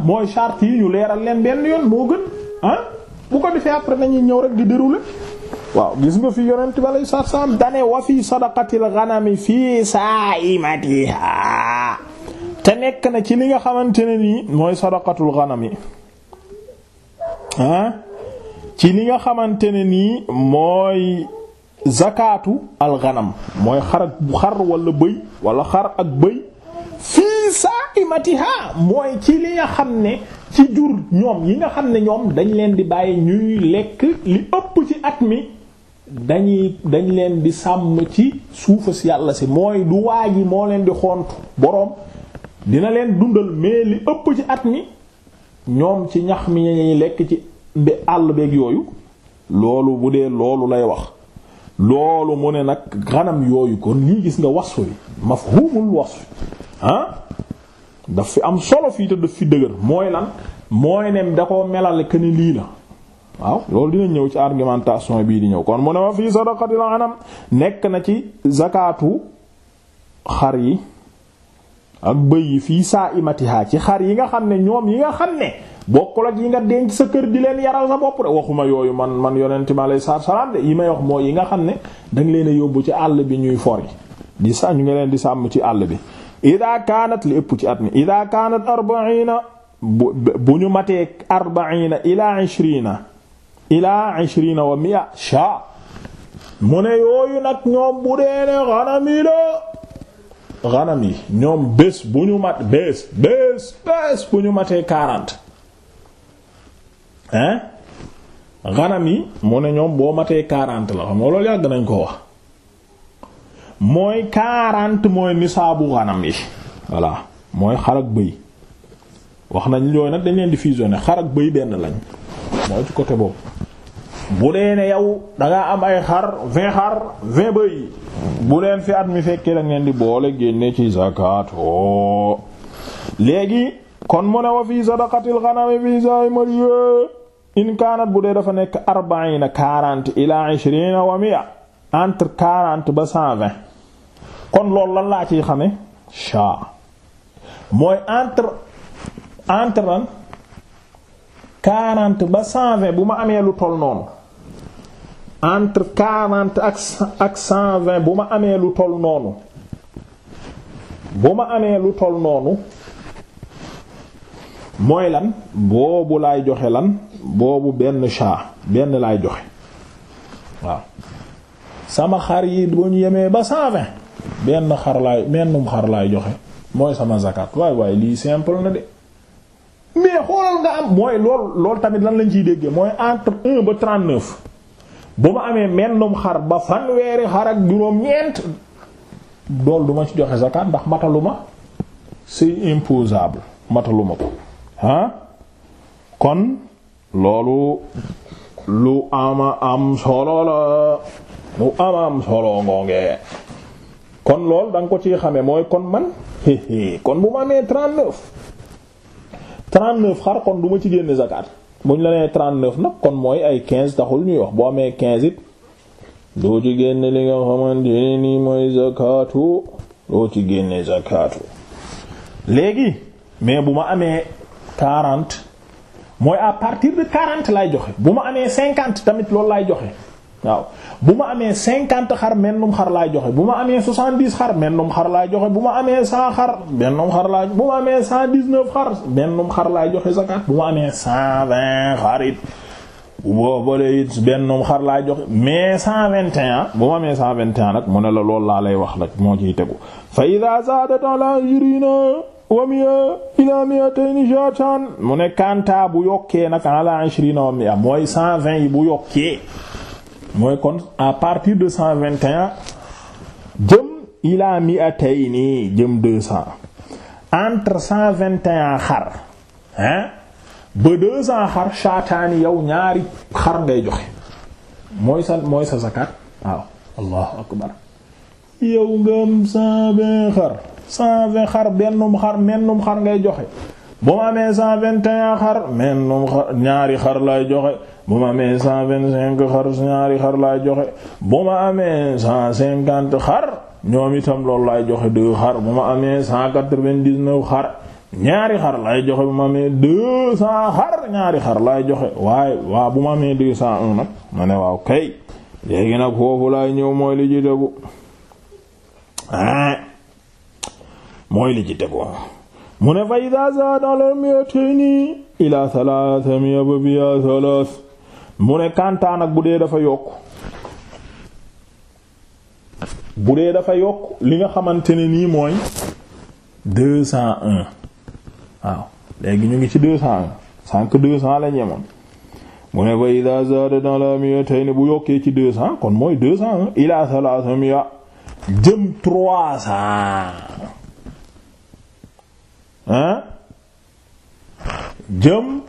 mooy charte yi ñu leeral leen benn yoon moo gën bu ko defee après nañuy ñëw rek di dérouler waaw gis nga fi yonent bi alayhi salaatu salaam dane wa fi sadaqatil ghanami fii saa'imatiha te nekk na ci li nga xamante ne nii mooy sadaqatul ghanami ci li nga xamante ne nii mooy zakaatu al ghanam mooy xar ak xar wala bëy wala xar ak bëy fii saa'imatiha mooy ci li nga xam ne ci jur ñoom yi nga xam ne ñoom dañ leen di bàyyi ñuy lekk li ëpp ci at mi dañuy dañ leen di sàmm ci suufa si yàlla si mooy du yi moo leen di xont boroom dina leen dundal mais li ëpp ci at mi ñoom ci ñax mi ñuy lekk ci bi àll beeg yooyu loolu bu dee loolu lay wax loolu mu ne nag ganam yooyu kon lii gis nga wasf bi mafhumul wasf ah daf fi am solo fii te daf fi dëgër mooy lan mooy ne da ko melal que ni lii la waaw loolu dina ñëw ci argumentation bii di ñëw kon mu ne wa fii sadaqatil anam nekk na ci zakatu xar yi ak bëy yi fii saa imatiha ci xar yi nga xam ne ñoom yi nga xam ne bokkul ak yi nga denc sa kër di leen yaral sa bopp de waxuma yooyu man man yonent mi alayhi salaam de yi may wax mooy yi nga xam ne danga leen yóbbu ci àll bi ñuy for di sa ñu ngi leen di sàmm ci àll bi ida kaanat li ëpp ci at mi ida kaanat arbaina bu ñu matee arbaina ila ishrina ilaa ishrina wa mi'a sha mu ne yooyu nag ñoom bu dee ne xanam yi la xanam yi ñoom bés bu ñu mat bés bés bu ñu matee quarante hein xanam yi mu ne ñoom boo matee quarante la xam nga loolu yàgg nañ ko wax mooy quarante mooy nisaabu xanam yi voilà mooy xar ak bëy wax nañ yooyu nag dañ leen di fusionner xar ak bëy benn lañ mooy ci côté boobu bu dee ne yow da am ay xar vingt xar vingt bëy bu leen fi at mi fekkee da ngeen di boole génne ci zakat o léegi kon mu ne wa fii sadaqatil ghanami fii say marié in kaanat bu dee dafa nekk arbaina quarante ila ishrina wa mia entre quarante ba cent kon loolu lan laa ciy xame sha mooy entre entre lan quarante ba cent bu ma amee lu toll noonu entre quarante ak ak cent vingt bu ma amee lu toll noonu bu ma amee lu toll noonu mooy lan boobu laay joxe lan boobu benn chat benn laay joxe waaw sama xar yi bu ñu yemee ba cent vingt benn xar laay mennum xar laay joxe mooy sama zakat waay waaye lii simple na de mais xoolal nga am mooy lool lool tamit lan lañ ciy déggee mooy entre un ba trente-neuf bu ma amee mennum xar ba fanweeri xar ak juróom-ñeent dool du ma ci joxe zakat ndax mataluma c'est imposable mataluma ko ah kon loolu lu ama am solo la lu ama am solo ngoonge kon loolu danga ko ci xamee mooy kon man kon bu ma amee 39 39 xar kon du ma ci génne zakat muñ la nee 39 nag kon mooy ay 15 taxul ñuy wax boo amee 15 it doo ci génne li nga xamante ne nii mooy zakatu doo ci génne zakatu léegi mais bu ma amee quarante mooy à partir de 40 lay joxe bu ma amee 50 tamit loolu lay joxe. waaw bu ma amee cinquante xar mennum xar laay joxe bu ma amee soixante-dix xar mennum xar laay joxe bu ma amee cent xar mennum xar laay amee cent dix-neuf xar mennum xar laay joxe zakat bu ma amee cent vingt xar it bu boobalee xar laay joxe mais cent vingt et bu ma amee cent vingt et mu ne la lool laa lay wax nag moo ciy tegu fa iza mu ne bu yokkee nag ala ashrina wa mi'a mooy cent yi bu yokkee mooy kon à partir de cent vingt jëm ilaa mi a tey nii jëm deux cent entre cent vingt et un xar hein ba cent xar shaataani yow ñaari xar ngay joxe mooy sa mooy sa zakat waaw allahu akbar yow nga vingt xar xar bennum xar mennum xar ngay joxe bu ma amee cent vingt et un xar men num ñaari xar lay joxe bu ma amee cent vingt cinq ñaari xar lay joxe bu ma amee cent cinquante xar ñoom itam loolu lay joxe deux xar bu ma amee cent quatre-vingt-dix-neuf xar ñaari xar lay joxe bu ma amee deux xar ñaari xar lay joxe waaye waa bu ma amee deux cent un ma ne waaw kay léegi nag foofu lay ñëw mooy li ci tegu mooy li ci tegu mu ne fa ida zaada ala mi'atayni ila thalatha mi'a ba biya thalath mu ne kantaan ak bu dee dafa yokk bu dee dafa yokk li nga xamante ne nii mooy deux cent un ñu ngi ci deux cent un sànq deux cent la ñemoon mu ne fa ida zaada ala mi'atayni bu yokkee ci deux cent kon mooy deux cent un ila thalatha mi'a jëm trois ah jëm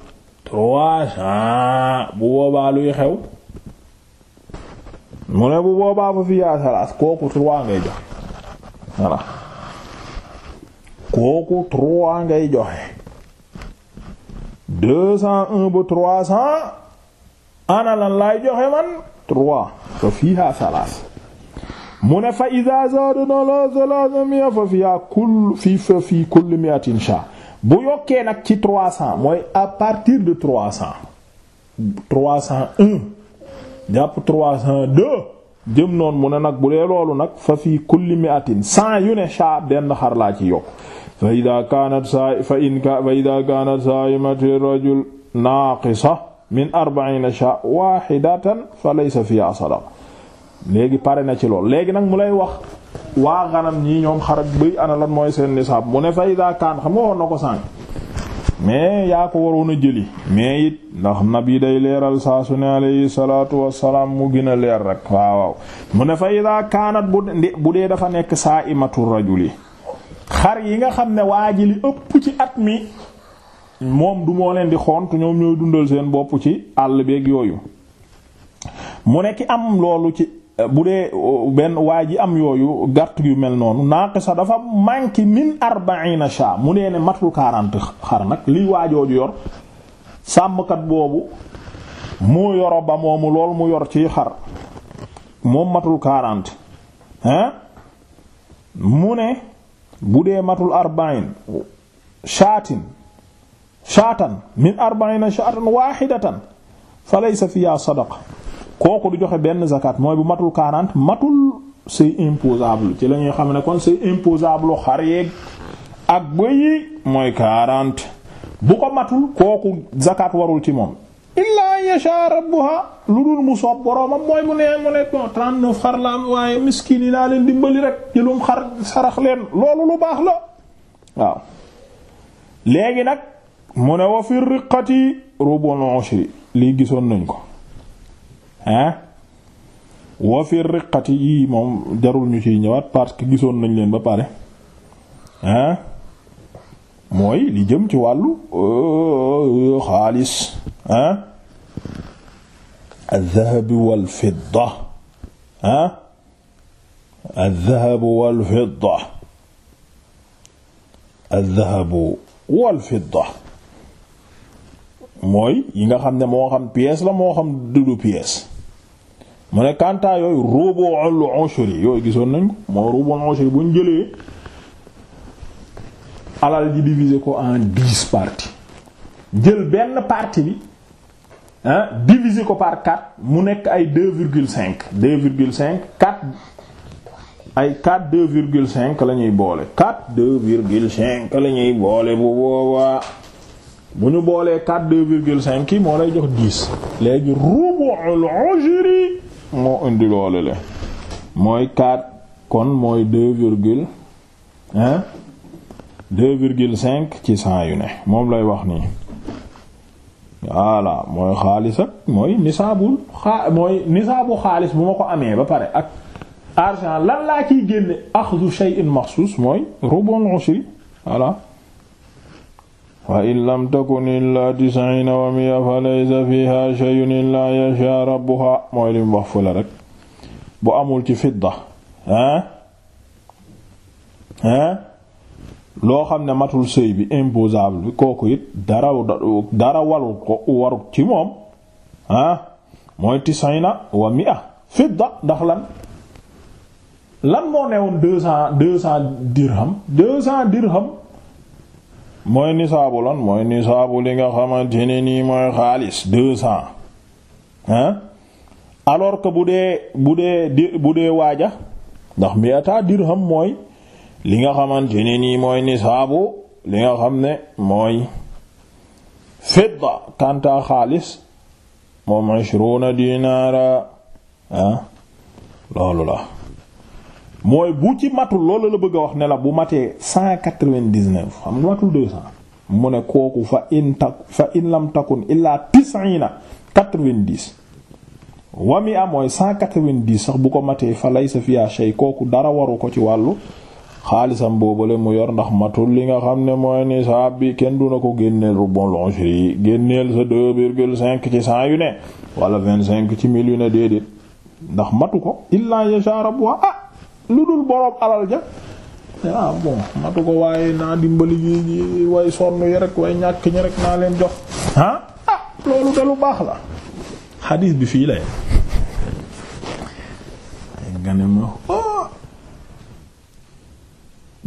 trois bu boobaa luy xew mu ne bu boobaa fa fi yaasalaas kooku trois ngay joxe kooku trois ngay joxe deux trois cent ana lan laay joxe man trois fa fiiha salaas mu ne fa iza zaaduna la thalatha mi'a fa fiya kull fi fa fi kulli mi'atin sha bu yokkee nag ci trois cents mooy à partir de trois cents trois cent un jàpp trois deux jëm noonu mu ne nag bu dee loolu nag fa fi kulli mi'atin cent yu ne sha benn xar laa ci yokk fa ida kanat sa fa in fa ida kanat sa'imatu rajul naqisa min arba'ina sha wahidatan fa laysa fiha sadaqa léegi pare na ci lool léegi nag mu lay wax waa xanam ñii ñoom xarak bëy ana lan mooy seen nisaab mu ne fay daa kaan xam nga na ko sànq mais yaa ko waroon a jëli mais it ndax bii day leeral saa su ne alayhi salaatu wassalaam mu gën a leer rek waaw mu ne fay daa kaanat bu dee dafa nekk saa imatu rajuli xar yi nga xam ne waa ji ëpp ci at mi moom du moo leen di xont ñoom ñooy dundal seen bopp ci àll beeg yooyu mu nekk am loolu ci bu dee benn waa ji am yooyu gàtt yu mel noonu naaqisa dafa manqué min arbaina sha mu nee ne matul 40 xar nag li waajooju yor sàmmkat boobu mu yoro ba moomu lool mu yor ci xar moom matul 40 hein mu ne bu dee matul arbain shaatin shaatan min arbaina shaatan waahidatan fa laysa fiha sadaqa kooku du joxe benn zakat mooy bu matul 40 matul c'est imposable ci la ñuy xam ne kon c'est imposable xar yeeg ak bëy mooy 40 bu ko matul kooku zakat warul ci moom. illaa yasha rabbuha lu dul mu soob boroomam mooy mu ne mu ne bon xar la am waaye miskin yi naa leen dimbali rek jëlum xar sarax leen loolu lu baax la waaw léegi nag mu ne wa fi riqati rubul ushri lii gisoon nañ ko. ah wa fi riqati yii moom jarul ñu ciy ñëwaat parce que gisoon nañ leen ba pare ah mooy li jëm ci wàllu euh, xaalis ah aldahabu walfidda ah aldahabu walfidda aldahabu walfidda mooy yi nga xam ne moo xam pièce la moo xam dudu pièce mu ne Kantaa yooyu rubu'ul ushri yooyu gisoon nañ ko moo rubu'ul ushri bu ñu jëlee alal ji diviser ko en dix parties jël benn partie bi ah diviser ko par quatre mu nekk ay deux virgule cinq deux virgule cinq quatre ay quatre deux virgule cinq la ñuy boole quatre deux virgule cinq la ñuy boole bu boobaa bu ñu boolee quatre deux virgule cinq yi moo lay jox dix léegi rubu'ul ushri moo indi loolu le mooy 4 kon mooy 2 virgule hein 2 virgule 5 ci cent yu ne moom lay wax nii voilà mooy xaalis ak mooy nisaabu xaalis bu ma ko amee ba pare ak argent lan laa ciy génne axdu shay'in maxsuus mooy rubul ushri voilà wa in lam takun illaa tis'iina wa mi'a fa laysa fiihaa shay'un illaa yashaa rabbuhaa mooy li mu wax fële rek bu amul ci fidda hein loo xam ne matul sëy bi imposable bi kooku it dara dara waru ko warut ci moom ah mooy tis'iina wa mi'a fidda ndax lan lan moo newoon deux cent dirham mooy nisaabu lan mooy nisaabu li nga xamante ne nii mooy xaalis deux cent hein alors que bu dee bu dee bu dee waaja ndax mi ata dirham mooy li nga xamante ne nii mooy nisaabu li nga xam ne mooy fidda kanta xaalis moom ishruna dinaara ah loolu la mooy bu ci matul loolu la bëgg a wax ne la bu matee cent quatre vingt dix xam nga matul deux mu ne kooku fa in tak fa in lam takun illaa tis'ina quatre-vingt-dix wa mi a cent quatre vingt sax bu ko matee fa laysa fiha kooku dara waru ko ci wàllu xaalisam boobale mu yor ndax matul li nga xam ne mooy nisaab bi kenn du duna ko génneel boulangerie génneel sa deux virgule cinq ci cent yu ne vingt-cinq ci mille yu ne déedéet ndax matu ko illaa yasha rabbuha ah lu dul boroom alal ja ah bon matu ko waaye naa dimbali ji way sonn yi rek way ñàkk ñi rek naa leen jox ah, ah loolu de lu baax la xadiis bi fii lay nga ne ma oh.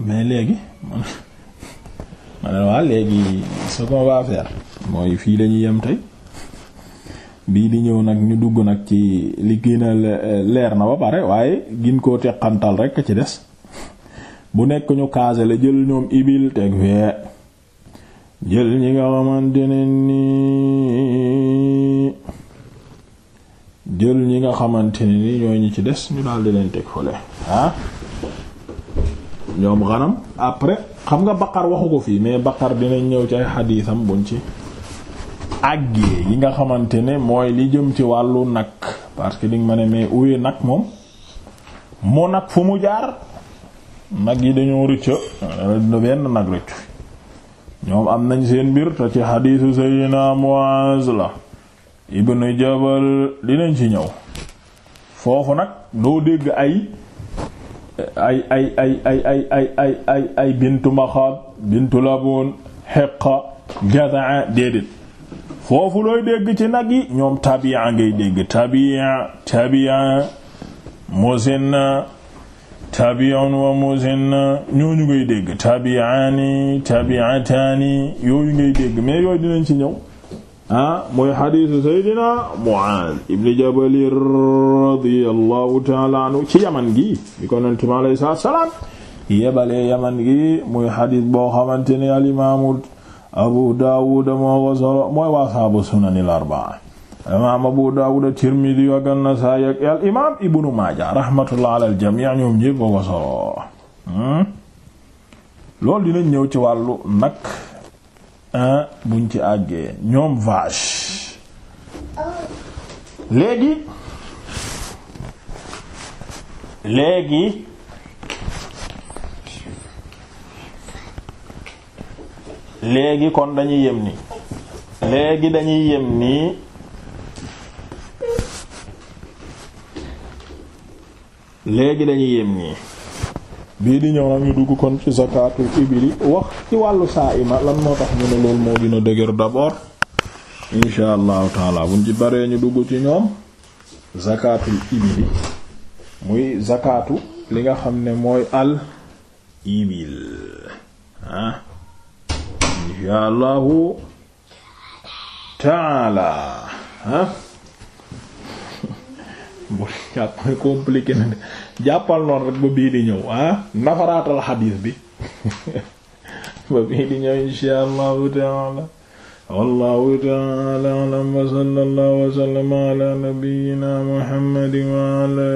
mais léegi man man waa léegi ce qu'on mooy fii lañuy yem tey bii di ñëw nag ñu dugg nag ci li gën eh, leer na ba pare waaye gin koo teqantal rekk ci des bu nekk ñu kaase la jël ñoom ibil teg fee jël ñi nga xamante ne nii jël ñi nga xamante ne nii ñooy ñu ci des ñu daal di leen teg fële ah ñoom xanam après xam nga baqar waxu ko fii mais baqar dinañ ñëw ci ay xadiisam buñ ci àggee yi nga xamante ne mooy li jëm ci wàllu nag parce que li dinga ma ne mais uwe nag moom mu nag fu mu jaar nag yi dañoo rëcc benn nag rëccu ñoom am nañ seen mbir te ci xadiisu Seydina Muaz la ibnu Jabal dinañ ci ñëw foofu nag loo dégg ay ay ay ay ay ay ay bintu maxaab bintu laboon xeqa gadaa déedéet foofu looy dégg ci nag yi ñoom tabia ngay dégg tabia tabia musinna tabi'un wa musinna ñooñu ngay dégg tabi'ani tabi'atani yooyu ngay dégg mais yooyu dinañ ci ñëw ah mooy xadiisu Seydina Mu'aaz ibn Jabal radiyallahu ta'ala ci yaman gi bi ko Yonent mi yaman gi muy xadiis boo xamante ne al imaamu abu daawuda moo ko solo mooy waa saabu arbaa imaam abu daawuda tirmidi wa an-nasaa'i ak imaam ibnu maaja rahmatullah ala jamii ñoom ñépp ko solo hmm? loolu dinañ ñëw ci wàllu nag ah, buñ ci àggee ñoom vache léegi léegi léegi kon dañuy yem nii léegi dañuy yem nii léegi dañuy yem nii bii di ñëw ñu dugg kon ci zakatul ibili wax ci wàllu saa ima lan moo tax ñu ne loolu moo dina dëgër d'abord insha allahu taala buñ ci baree ñu dugg ci ñoom zakatul ibili muy zakatu li nga xam ne mooy àll ibil ah insha allahu taala ah bu jàpp compliqué na jàppal rek ba bii di ñëw ah nafaraatal xadiis bi ba bii di ñëw insha allahu taala wallahu taala alam wa sallallahu wa sallama ala nabiyyina muhammadin wa ala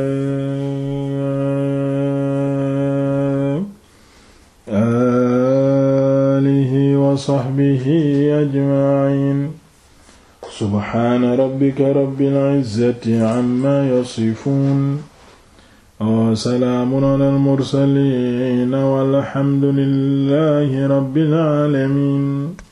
wa sahbihi ajma'in subhaana rabbika rabbil izzati amma yasifuun wa salaamun alal mursaliin walhamdu lillaahi rabbil aalamiin